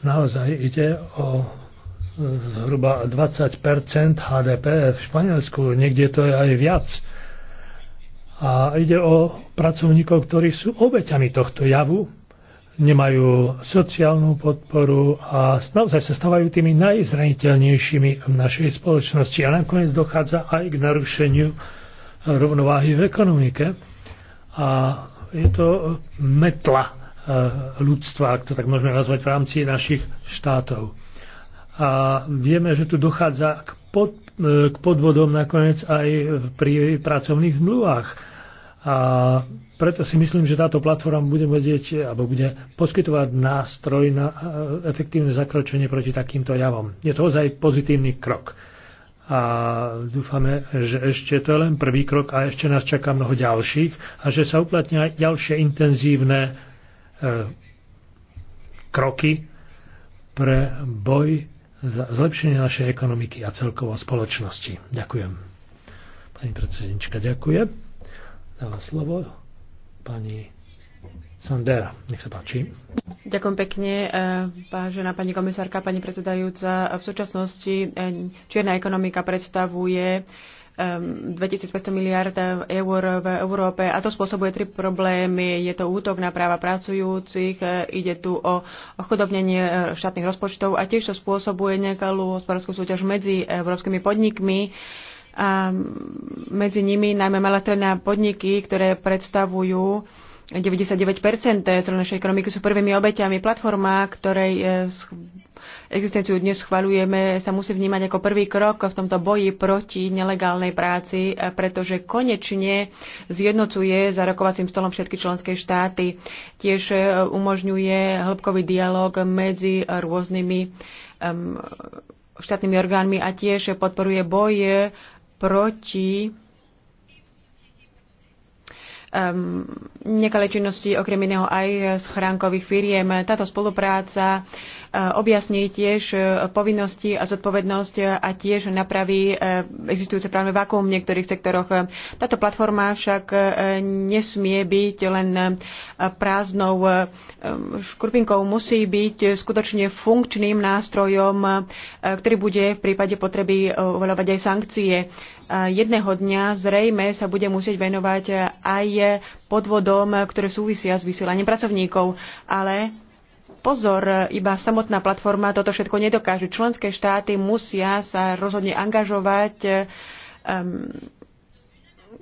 Naozaj ide o e, zhruba 20 HDP v Španielsku, niekde to je aj viac a ide o pracovníkov, ktorí sú obeťami tohto javu, nemajú sociálnu podporu a naozaj sa stávajú tými najzraniteľnejšími v našej spoločnosti. A nakoniec dochádza aj k narušeniu rovnováhy v ekonomike. A je to metla e, ľudstva, ak to tak môžeme nazvať, v rámci našich štátov. A vieme, že tu dochádza k podporu k podvodom nakoniec aj pri pracovných zmluvách. A preto si myslím, že táto platforma bude vedieť alebo bude poskytovať nástroj na e, efektívne zakročenie proti takýmto javom. Je to ozaj pozitívny krok. A dúfame, že ešte to je len prvý krok a ešte nás čaká mnoho ďalších a že sa uplatnia aj ďalšie intenzívne e, kroky pre boj za zlepšenie našej ekonomiky a celkovo spoločnosti. Ďakujem. Pani predsednička, ďakujem. Dávam slovo pani Sandera, nech sa páči.
Ďakujem pekne, eh, vážená pani komisárka, pani predsedajúca. V súčasnosti eh, čierna ekonomika predstavuje 2500 miliard eur v Európe a to spôsobuje tri problémy. Je to útok na práva pracujúcich, e, ide tu o chodobnenie e, štátnych rozpočtov a tiež to spôsobuje nekalú hospodárskú súťaž medzi európskymi podnikmi a medzi nimi najmä malé stredné podniky, ktoré predstavujú 99% našej ekonomiky sú prvými obeťami. Platforma, ktorej eh, existenciu dnes schvaľujeme, sa musí vnímať ako prvý krok v tomto boji proti nelegálnej práci, eh, pretože konečne zjednocuje za rokovacím stolom všetky členské štáty. Tiež eh, umožňuje hĺbkový dialog medzi rôznymi štátnymi orgánmi a tiež podporuje boje proti um, nekalej činnosti okrem iného aj schránkových firiem. Táto spolupráca uh, objasní tiež uh, povinnosti a zodpovednosť uh, a tiež napraví uh, existujúce právne vakuum v niektorých sektoroch. Táto platforma však uh, nesmie byť len uh, prázdnou uh, škrupinkou, musí byť skutočne funkčným nástrojom, uh, ktorý bude v prípade potreby uh, uvaľovať aj sankcie. Uh, jedného dňa zrejme sa bude musieť venovať aj podvodom, ktoré súvisia s vysielaním pracovníkov. Ale pozor, iba samotná platforma toto všetko nedokáže. Členské štáty musia sa rozhodne angažovať um,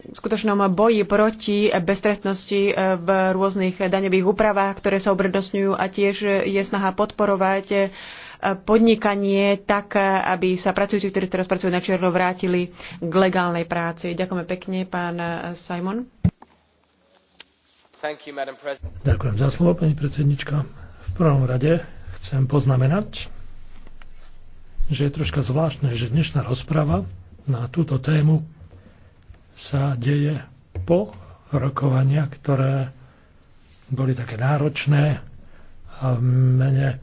v skutočnom boji proti beztretnosti eh, v rôznych daňových úpravách, ktoré sa obrednostňujú a tiež je snaha podporovať eh, podnikanie tak, aby sa pracujúci, ktorí teraz pracujú na čierno, vrátili k legálnej práci. Ďakujeme pekne, pán Simon. You,
Ďakujem za slovo, pani predsednička. V prvom rade chcem poznamenať, že je troška zvláštne, že dnešná rozprava na túto tému sa deje po rokovania, ktoré boli také náročné a v mene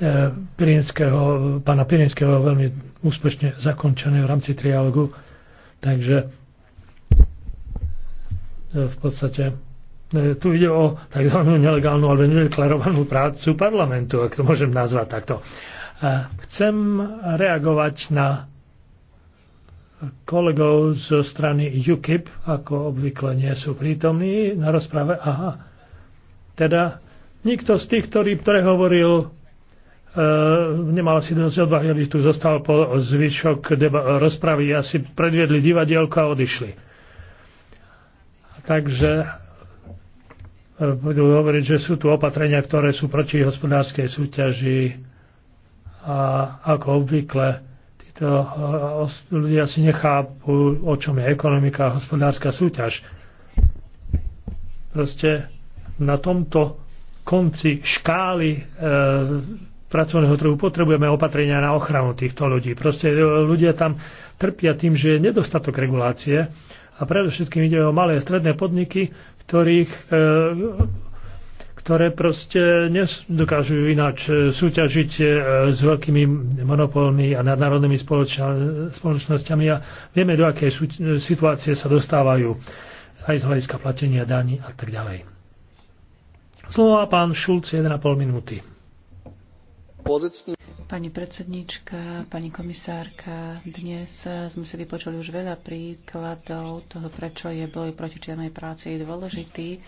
E, Pirinského, pána Pirinského veľmi úspešne zakončené v rámci trialogu. Takže e, v podstate e, tu ide o tzv. nelegálnu alebo nedeklarovanú prácu parlamentu, ak to môžem nazvať takto. Chcem reagovať na kolegov zo strany UKIP, ako obvykle nie sú prítomní na rozprave. Aha, teda nikto z tých, ktorý prehovoril E, nemal si dosť odvahy, aby tu zostal po zvyšok rozpravy. Asi predviedli divadielko a odišli. Takže e, budú hovoriť, že sú tu opatrenia, ktoré sú proti hospodárskej súťaži a ako obvykle títo e, ľudia si nechápu, o čom je ekonomika a hospodárska súťaž. Proste na tomto konci škály uh, pracovného trhu potrebujeme opatrenia na ochranu týchto ľudí. Proste e, ľudia tam trpia tým, že je nedostatok regulácie a predovšetkým ide o malé a stredné podniky, ktorých, e, ktoré proste nedokážu ináč e, súťažiť s veľkými monopolmi a nadnárodnými spoločnosťami a vieme, do akej situácie sa dostávajú aj z hľadiska platenia daní a tak ďalej. Slovo pán Šulc 1,5 minúty.
Pani predsednička, pani komisárka, dnes sme si vypočuli už veľa príkladov toho, prečo je boj proti čiernej práci dôležitý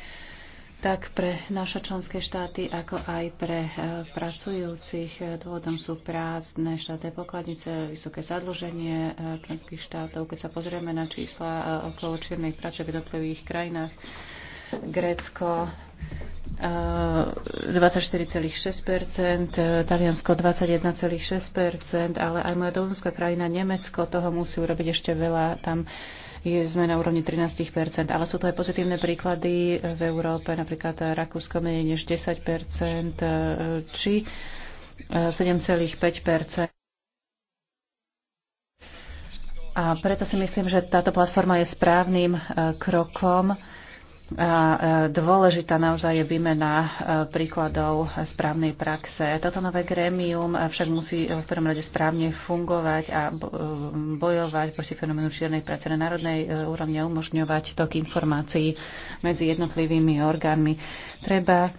tak pre naše členské štáty, ako aj pre eh, pracujúcich. Dôvodom sú prázdne štátne pokladnice, vysoké zadlženie eh, členských štátov. Keď sa pozrieme na čísla eh, okolo čiernej práce v jednotlivých krajinách, Grécko 24,6%, e, Taliansko 21,6%, ale aj moja domovská krajina Nemecko toho musí urobiť ešte veľa. Tam je, sme na úrovni 13%, ale sú to aj pozitívne príklady v Európe, napríklad Rakúsko menej než 10%, e, či 7,5%. E, A preto si myslím, že táto platforma je správnym krokom. Dôležitá naozaj je výmena príkladov správnej praxe. Toto nové grémium však musí v prvom rade správne fungovať a e, bojovať proti fenoménu čiernej práce na národnej e, úrovni a umožňovať tok informácií medzi jednotlivými orgánmi. Treba e,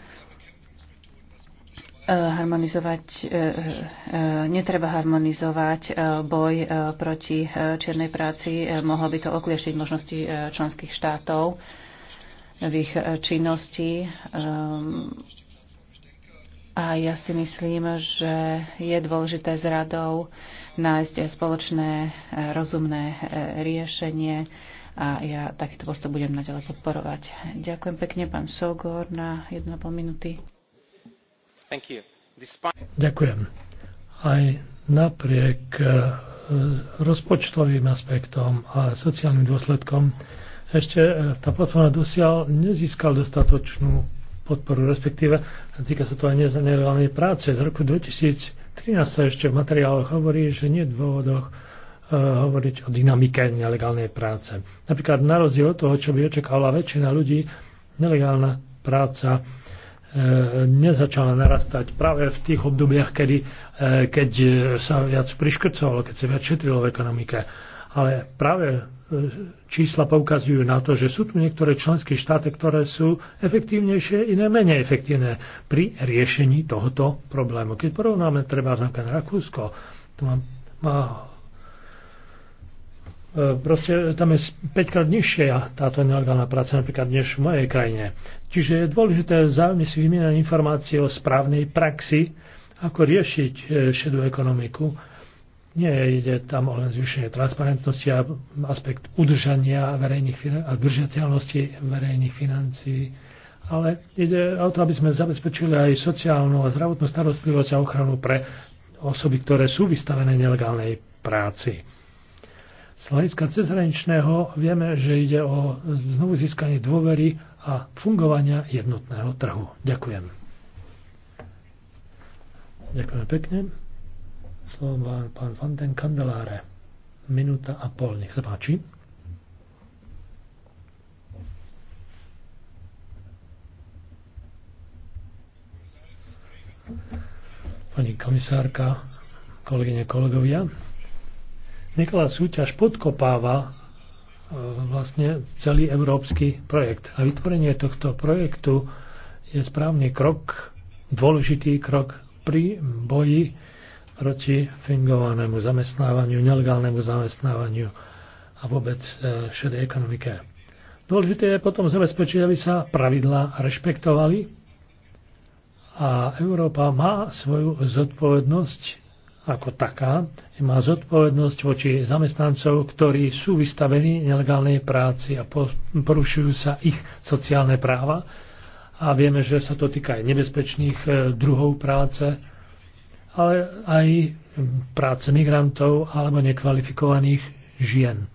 harmonizovať, netreba harmonizovať boj proti čiernej práci, mohlo by to okliešiť možnosti členských štátov v ich eh, činnosti. Ehm, a ja si myslím, že je dôležité s radou nájsť spoločné eh, rozumné eh, riešenie a ja takýto postup budem naďalej podporovať. Ďakujem pekne, pán Sogor, na 1,5 minúty.
Ďakujem. Aj napriek rozpočtovým aspektom a sociálnym dôsledkom ešte e, tá platforma dosiaľ nezískal dostatočnú podporu, respektíve týka sa to aj nelegálnej práce. Z roku 2013 sa ešte v materiáloch hovorí, že nie v dôvodoch e, hovoriť o dynamike nelegálnej práce. Napríklad na rozdiel od toho, čo by očakávala väčšina ľudí, nelegálna práca e, nezačala narastať práve v tých obdobiach, kedy, keď sa viac priškrcovalo, keď sa viac šetrilo v ekonomike ale práve e, čísla poukazujú na to, že sú tu niektoré členské štáty, ktoré sú efektívnejšie, iné menej efektívne pri riešení tohoto problému. Keď porovnáme treba napríklad Rakúsko, to má, má e, proste tam je 5 krát nižšia táto nelegálna práca napríklad než v mojej krajine. Čiže je dôležité zájme si vymieňať informácie o správnej praxi, ako riešiť e, šedú ekonomiku nie ide tam o len zvýšenie transparentnosti a aspekt udržania verejných a držateľnosti verejných financií, ale ide o to, aby sme zabezpečili aj sociálnu a zdravotnú starostlivosť a ochranu pre osoby, ktoré sú vystavené nelegálnej práci. Z hľadiska cezhraničného vieme, že ide o znovu získanie dôvery a fungovania jednotného trhu. Ďakujem. Ďakujem pekne. Slovo má pán Fanten Kandeláre. Minúta a pol, nech sa páči. Pani komisárka, kolegyne, kolegovia, Nikola súťaž podkopáva e, vlastne celý európsky projekt. A vytvorenie tohto projektu je správny krok, dôležitý krok pri boji proti fingovanému zamestnávaniu, nelegálnemu zamestnávaniu a vôbec e, šedej ekonomike. Dôležité je potom zabezpečiť, aby sa pravidlá rešpektovali a Európa má svoju zodpovednosť ako taká, má zodpovednosť voči zamestnancov, ktorí sú vystavení nelegálnej práci a porušujú sa ich sociálne práva. A vieme, že sa to týka aj nebezpečných e, druhov práce, ale aj práce migrantov alebo nekvalifikovaných žien.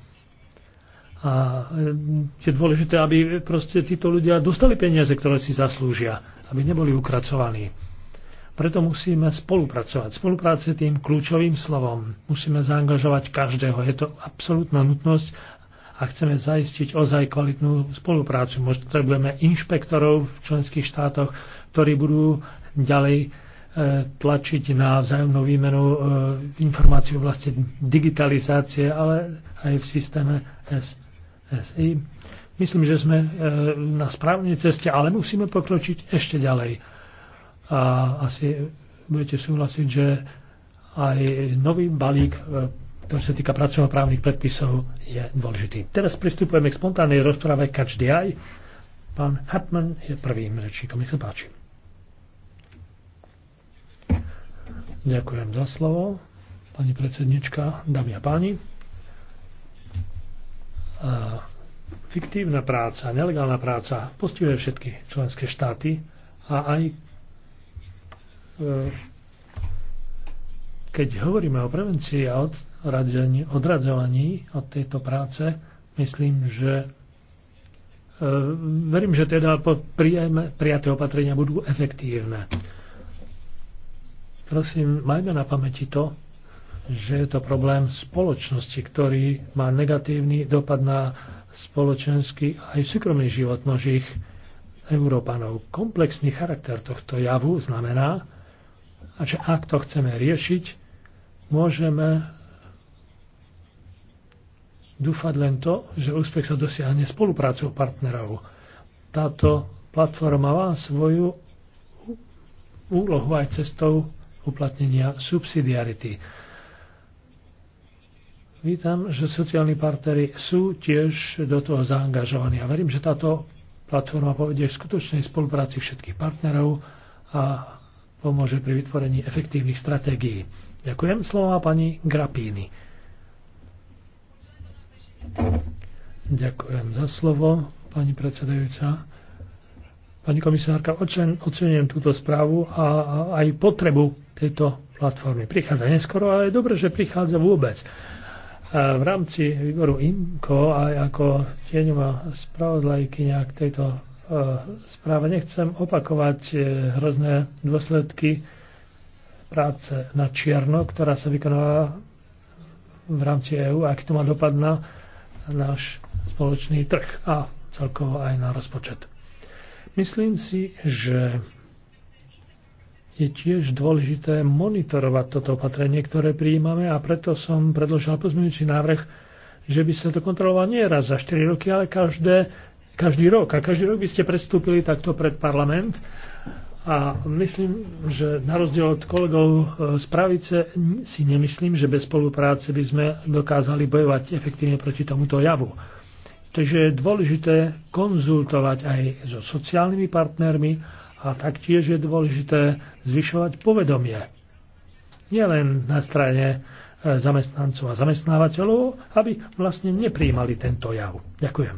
A e, je dôležité, aby proste títo ľudia dostali peniaze, ktoré si zaslúžia, aby neboli ukracovaní. Preto musíme spolupracovať. Spolupráce tým kľúčovým slovom. Musíme zaangažovať každého. Je to absolútna nutnosť a chceme zaistiť ozaj kvalitnú spoluprácu. Možno potrebujeme inšpektorov v členských štátoch, ktorí budú ďalej tlačiť na vzájomnú výmenu e, informácií v oblasti digitalizácie, ale aj v systéme SSI. Myslím, že sme e, na správnej ceste, ale musíme pokročiť ešte ďalej. A asi budete súhlasiť, že aj nový balík, e, ktorý sa týka pracovnoprávnych predpisov, je dôležitý. Teraz pristupujeme k spontánnej rozprave Catch the Eye. Pán Hartmann je prvým rečníkom. Nech sa páči. Ďakujem za slovo, pani predsednička, dámy a páni. Fiktívna práca, nelegálna práca postihuje všetky členské štáty a aj e, keď hovoríme o prevencii a odradzovaní od tejto práce, myslím, že e, verím, že teda prijaté opatrenia budú efektívne. Prosím, majme na pamäti to, že je to problém spoločnosti, ktorý má negatívny dopad na spoločenský aj súkromný život nožích Európanov. Komplexný charakter tohto javu znamená, že ak to chceme riešiť, môžeme dúfať len to, že úspech sa dosiahne spoluprácou partnerov. Táto platforma má svoju úlohu aj cestou uplatnenia subsidiarity. Vítam, že sociálni partnery sú tiež do toho zaangažovaní a verím, že táto platforma povedie v skutočnej spolupráci všetkých partnerov a pomôže pri vytvorení efektívnych stratégií. Ďakujem slova pani Grapíny. Ďakujem za slovo, pani predsedajúca. Pani komisárka, ocenujem túto správu a aj potrebu tejto platformy. Prichádza neskoro, ale je dobré, že prichádza vôbec. A v rámci výboru IMKO aj ako tieňová spravodlajkyňa k tejto e, správe nechcem opakovať e, hrozné dôsledky práce na čierno, ktorá sa vykonáva v rámci EÚ, aký to má dopad na náš spoločný trh a celkovo aj na rozpočet. Myslím si, že je tiež dôležité monitorovať toto opatrenie, ktoré prijímame a preto som predložil pozmeňujúci návrh, že by sa to kontrolovalo nie raz za 4 roky, ale každé, každý rok. A každý rok by ste predstúpili takto pred parlament a myslím, že na rozdiel od kolegov e, z pravice si nemyslím, že bez spolupráce by sme dokázali bojovať efektívne proti tomuto javu. Takže je dôležité konzultovať aj so sociálnymi partnermi a taktiež je dôležité zvyšovať povedomie. Nielen na strane e, zamestnancov a zamestnávateľov, aby vlastne nepríjmali tento jav. Ďakujem.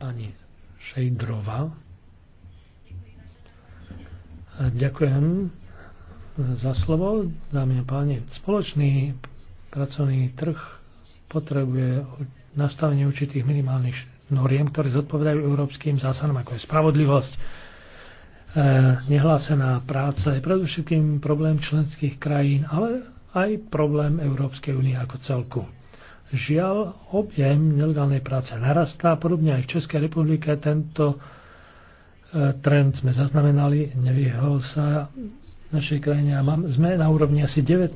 Pani Šejdrova. Ďakujem za slovo, dámy a páni. Spoločný pracovný trh potrebuje nastavenie určitých minimálnych noriem, ktoré zodpovedajú európskym zásadom, ako je spravodlivosť, e, nehlásená práca, je predovšetkým problém členských krajín, ale aj problém Európskej únie ako celku. Žiaľ, objem nelegálnej práce narastá, podobne aj v Českej republike tento e, trend sme zaznamenali, nevyhol sa našej krajine a sme na úrovni asi 19%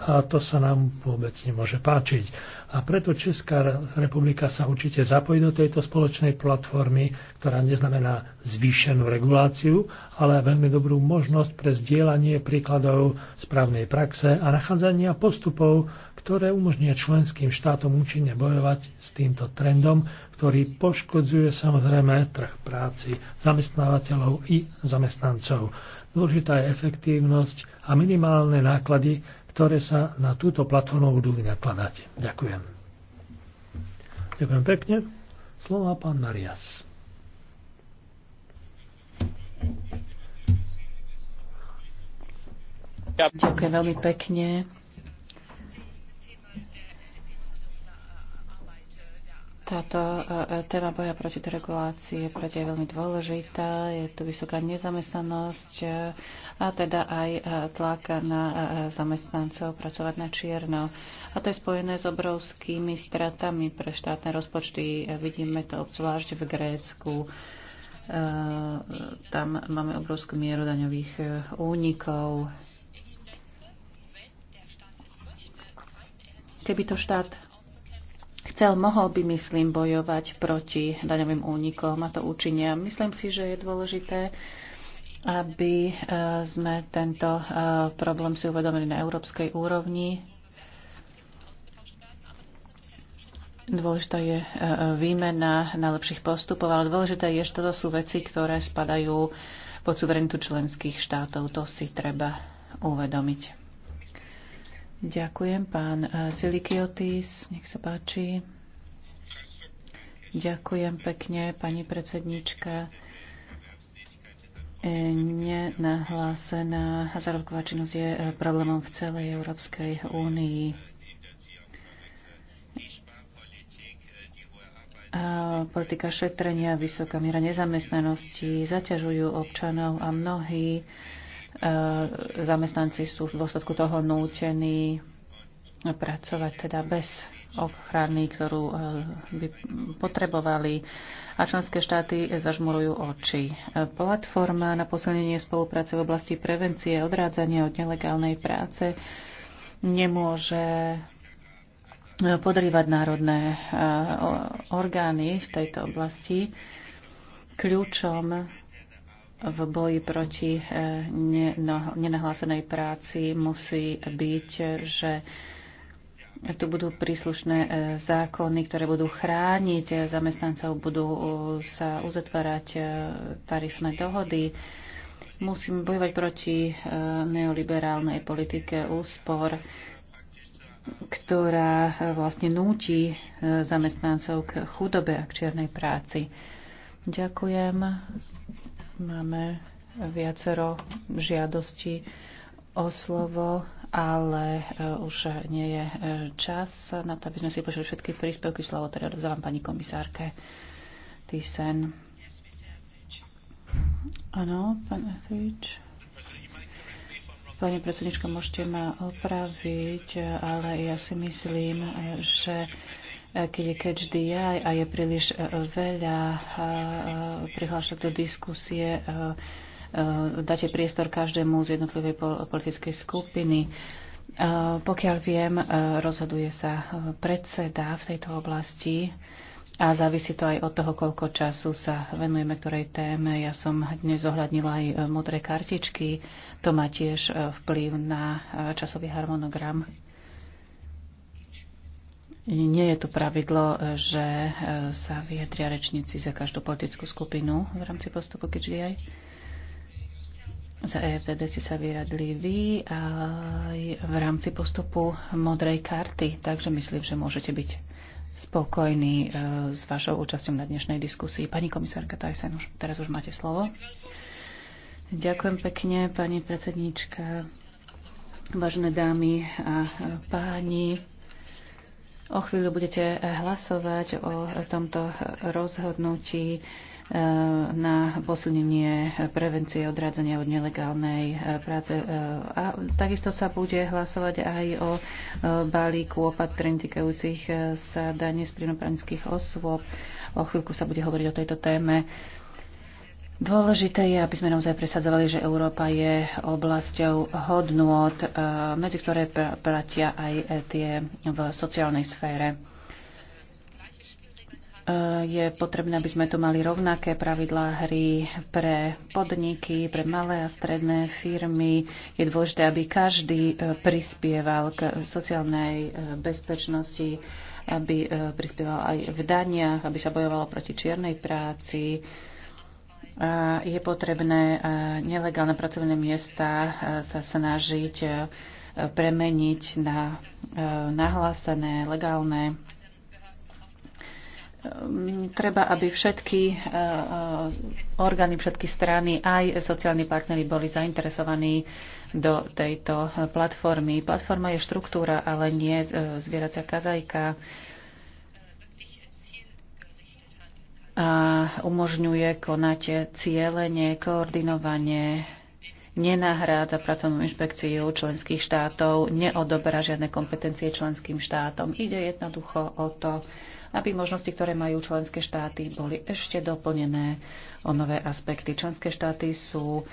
a to sa nám vôbec nemôže páčiť. A preto Česká republika sa určite zapojí do tejto spoločnej platformy, ktorá neznamená zvýšenú reguláciu, ale veľmi dobrú možnosť pre zdieľanie príkladov správnej praxe a nachádzania postupov, ktoré umožnia členským štátom účinne bojovať s týmto trendom, ktorý poškodzuje samozrejme trh práci zamestnávateľov i zamestnancov. Dôležitá je efektívnosť a minimálne náklady, ktoré sa na túto platformu budú vynakladať. Ďakujem. Ďakujem pekne. Slova
pán Marias. Ďakujem veľmi pekne. Táto e, e, téma boja proti deregulácii je tie veľmi dôležitá. Je tu vysoká nezamestnanosť e, a teda aj tlak na zamestnancov pracovať na čierno. A to je spojené s obrovskými stratami pre štátne rozpočty. Vidíme to obzvlášť v Grécku. Tam máme obrovskú mieru daňových únikov. Keby to štát chcel, mohol by, myslím, bojovať proti daňovým únikom a to učinia. Myslím si, že je dôležité, aby e, sme tento e, problém si uvedomili na európskej úrovni. Dôležitá je e, výmena najlepších postupov, ale dôležité je, že toto sú veci, ktoré spadajú pod suverenitu členských štátov. To si treba uvedomiť. Ďakujem. Pán eh, Silikiotis, nech sa páči. Ďakujem pekne, pani predsednička. Eh, nenahlásená hazardová činnosť je eh, problémom v celej Európskej únii. politika šetrenia, vysoká miera nezamestnanosti zaťažujú občanov a mnohí Eh, zamestnanci sú v dôsledku toho nútení pracovať teda bez ochrany, ktorú eh, by potrebovali. A členské štáty zažmurujú oči. Eh, platforma na posilnenie spolupráce v oblasti prevencie a odrádzania od nelegálnej práce nemôže podrývať národné orgány v tejto oblasti. Kľúčom v boji proti e, no, nenahlásenej práci musí byť, že tu budú príslušné e, zákony, ktoré budú chrániť e, zamestnancov, budú sa uzatvárať tarifné dohody. Musíme bojovať proti neoliberálnej politike úspor, ktorá vlastne núti zamestnancov k chudobe a k čiernej práci. Ďakujem. Máme viacero žiadostí o slovo, ale e, už nie je e, čas na to, aby sme si počuli všetky príspevky. Slovo teda odvzávam pani komisárke Tysen. Áno, pán Etrič. Pani predsednička, môžete ma opraviť, ale ja si myslím, že keď je catch the eye a je príliš e, e, veľa e, prihlášok do diskusie, dáte priestor každému z jednotlivej politickej skupiny. Pokiaľ viem, rozhoduje sa predseda v tejto oblasti a závisí to aj od toho, koľko času sa venujeme ktorej téme. Ja som dnes zohľadnila aj modré kartičky. To má tiež vplyv na časový harmonogram nie je to pravidlo, že e, sa vyjadria rečníci za každú politickú skupinu v rámci postupu KGI. Za EFDD si sa vyradili vy aj v rámci postupu modrej karty, takže myslím, že môžete byť spokojní e, s vašou účasťou na dnešnej diskusii. Pani komisárka Tajsen, už, teraz už máte slovo. Ďakujem pekne, pani predsedníčka, vážne dámy a páni. O chvíľu budete hlasovať o tomto rozhodnutí e, na posilnenie prevencie odradzania od nelegálnej e, práce. E, a takisto sa bude hlasovať aj o balíku opatrení týkajúcich sa dane z osôb. O chvíľku sa bude hovoriť o tejto téme. Dôležité je, aby sme naozaj presadzovali, že Európa je oblasťou hodnot, eh, medzi ktoré platia aj eh, tie v sociálnej sfére. Eh, je potrebné, aby sme tu mali rovnaké pravidlá hry pre podniky, pre malé a stredné firmy. Je dôležité, aby každý prispieval k sociálnej bezpečnosti, aby prispieval aj v daniach, aby sa bojovalo proti čiernej práci, je potrebné nelegálne pracovné miesta sa snažiť premeniť na nahlásené, legálne. Ehm, treba, aby všetky orgány, všetky strany, aj sociálni partnery boli zainteresovaní do tejto platformy. Platforma je štruktúra, ale nie e, zvieracia kazajka a umožňuje konať cieľenie, koordinovanie, nenahrádza pracovnú inšpekciu členských štátov, neodoberá žiadne kompetencie členským štátom. Ide jednoducho o to, aby možnosti, ktoré majú členské štáty, boli ešte doplnené o nové aspekty. Členské štáty sú e,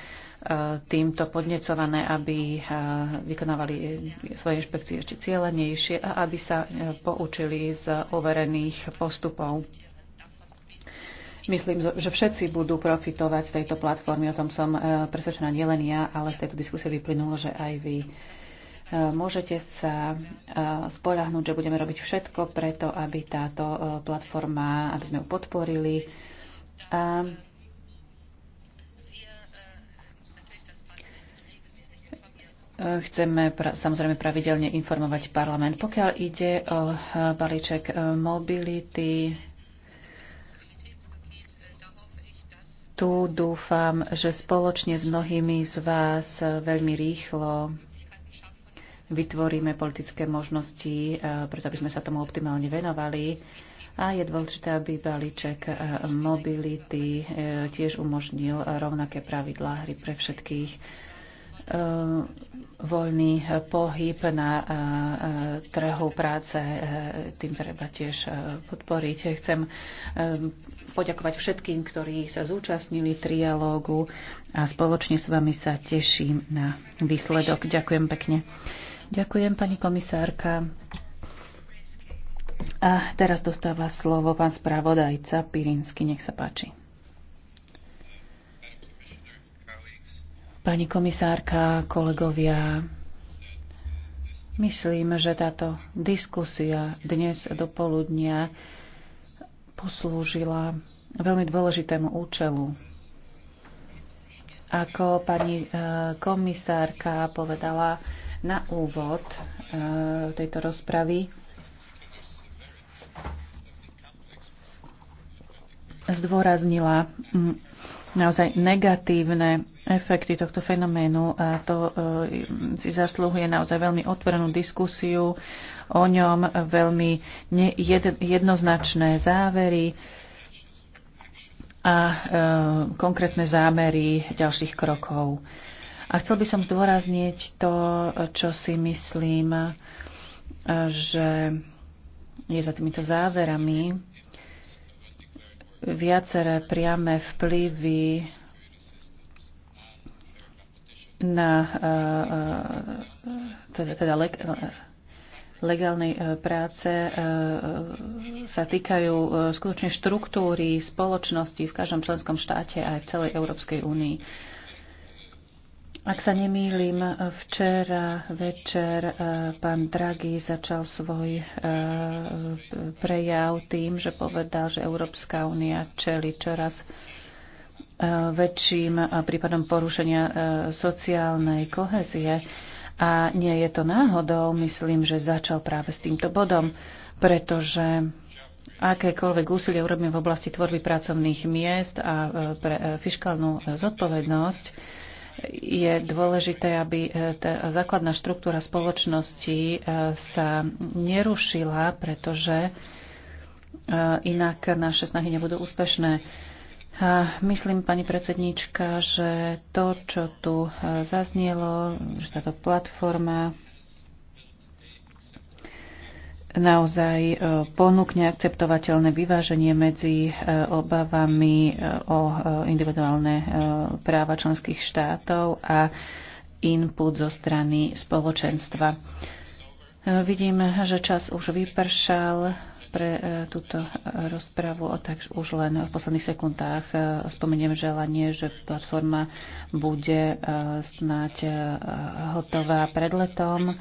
týmto podnecované, aby e, vykonávali e, svoje inšpekcie ešte cieľenejšie a aby sa poučili z overených postupov. Myslím, že všetci budú profitovať z tejto platformy, o tom som e, presvedčená nielen ja, ale z tejto diskusie vyplynulo, že aj vy e, môžete sa e, spolahnúť, že budeme robiť všetko preto, aby táto platforma, aby sme ju podporili. A Chceme pra, samozrejme pravidelne informovať parlament. Pokiaľ ide o balíček mobility, tu dúfam, že spoločne s mnohými z vás veľmi rýchlo vytvoríme politické možnosti, e, preto aby sme sa tomu optimálne venovali. A je dôležité, aby balíček e, mobility e, tiež umožnil rovnaké pravidlá hry pre všetkých Eh, voľný pohyb na eh, eh, trhu práce, tým treba tiež podporiť. Chcem poďakovať všetkým, ktorí sa zúčastnili trialógu a spoločne s vami sa teším na výsledok. Ďakujem pekne. Ďakujem, pani komisárka. A teraz dostáva slovo pán spravodajca Pirinsky. Nech sa páči. Pani komisárka, kolegovia, myslím, že táto diskusia dnes do poludnia poslúžila veľmi dôležitému účelu. Ako pani eh, komisárka povedala na úvod eh, tejto rozpravy, zdôraznila mm, naozaj negatívne efekty tohto fenoménu a to e, si zaslúhuje naozaj veľmi otvorenú diskusiu o ňom, veľmi jednoznačné závery a e, konkrétne zámery ďalších krokov. A chcel by som zdôrazniť to, čo si myslím, e, že je za týmito záverami viaceré priame vplyvy na eh, eh, teda, teda le, legálnej eh, práce sa týkajú skutočne štruktúry spoločnosti v každom členskom štáte aj v celej Európskej únii. Ak sa nemýlim, včera večer e, pán Draghi začal svoj e, prejav tým, že povedal, že Európska únia čeli čoraz e, väčším prípadom porušenia sociálnej kohezie. A nie je to náhodou, myslím, že začal práve s týmto bodom, pretože akékoľvek úsilie urobíme v oblasti tvorby pracovných miest a pre fiskálnu zodpovednosť, je dôležité, aby e, tá základná štruktúra spoločnosti e, sa nerušila, pretože e, inak naše snahy nebudú úspešné. A myslím, pani predsedníčka, že to, čo tu zaznelo, že táto platforma naozaj e, ponúkne akceptovateľné vyváženie medzi e, obavami e, o individuálne práva členských štátov a input zo strany spoločenstva. Vidím, že čas už vypršal pre túto rozpravu, tak už len v posledných sekundách spomeniem želanie, že platforma bude snáď hotová pred letom.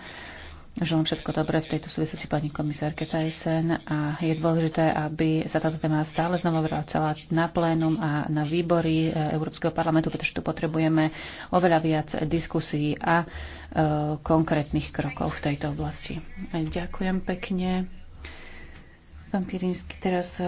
Želám všetko dobré v tejto súvislosti pani komisárke Tyson a je dôležité, aby sa táto téma stále znova vracala na plénum a na výbory e, Európskeho parlamentu, pretože tu potrebujeme oveľa viac diskusí a e, konkrétnych krokov v tejto oblasti. E, ďakujem pekne. Pán Pirinsky, teraz e,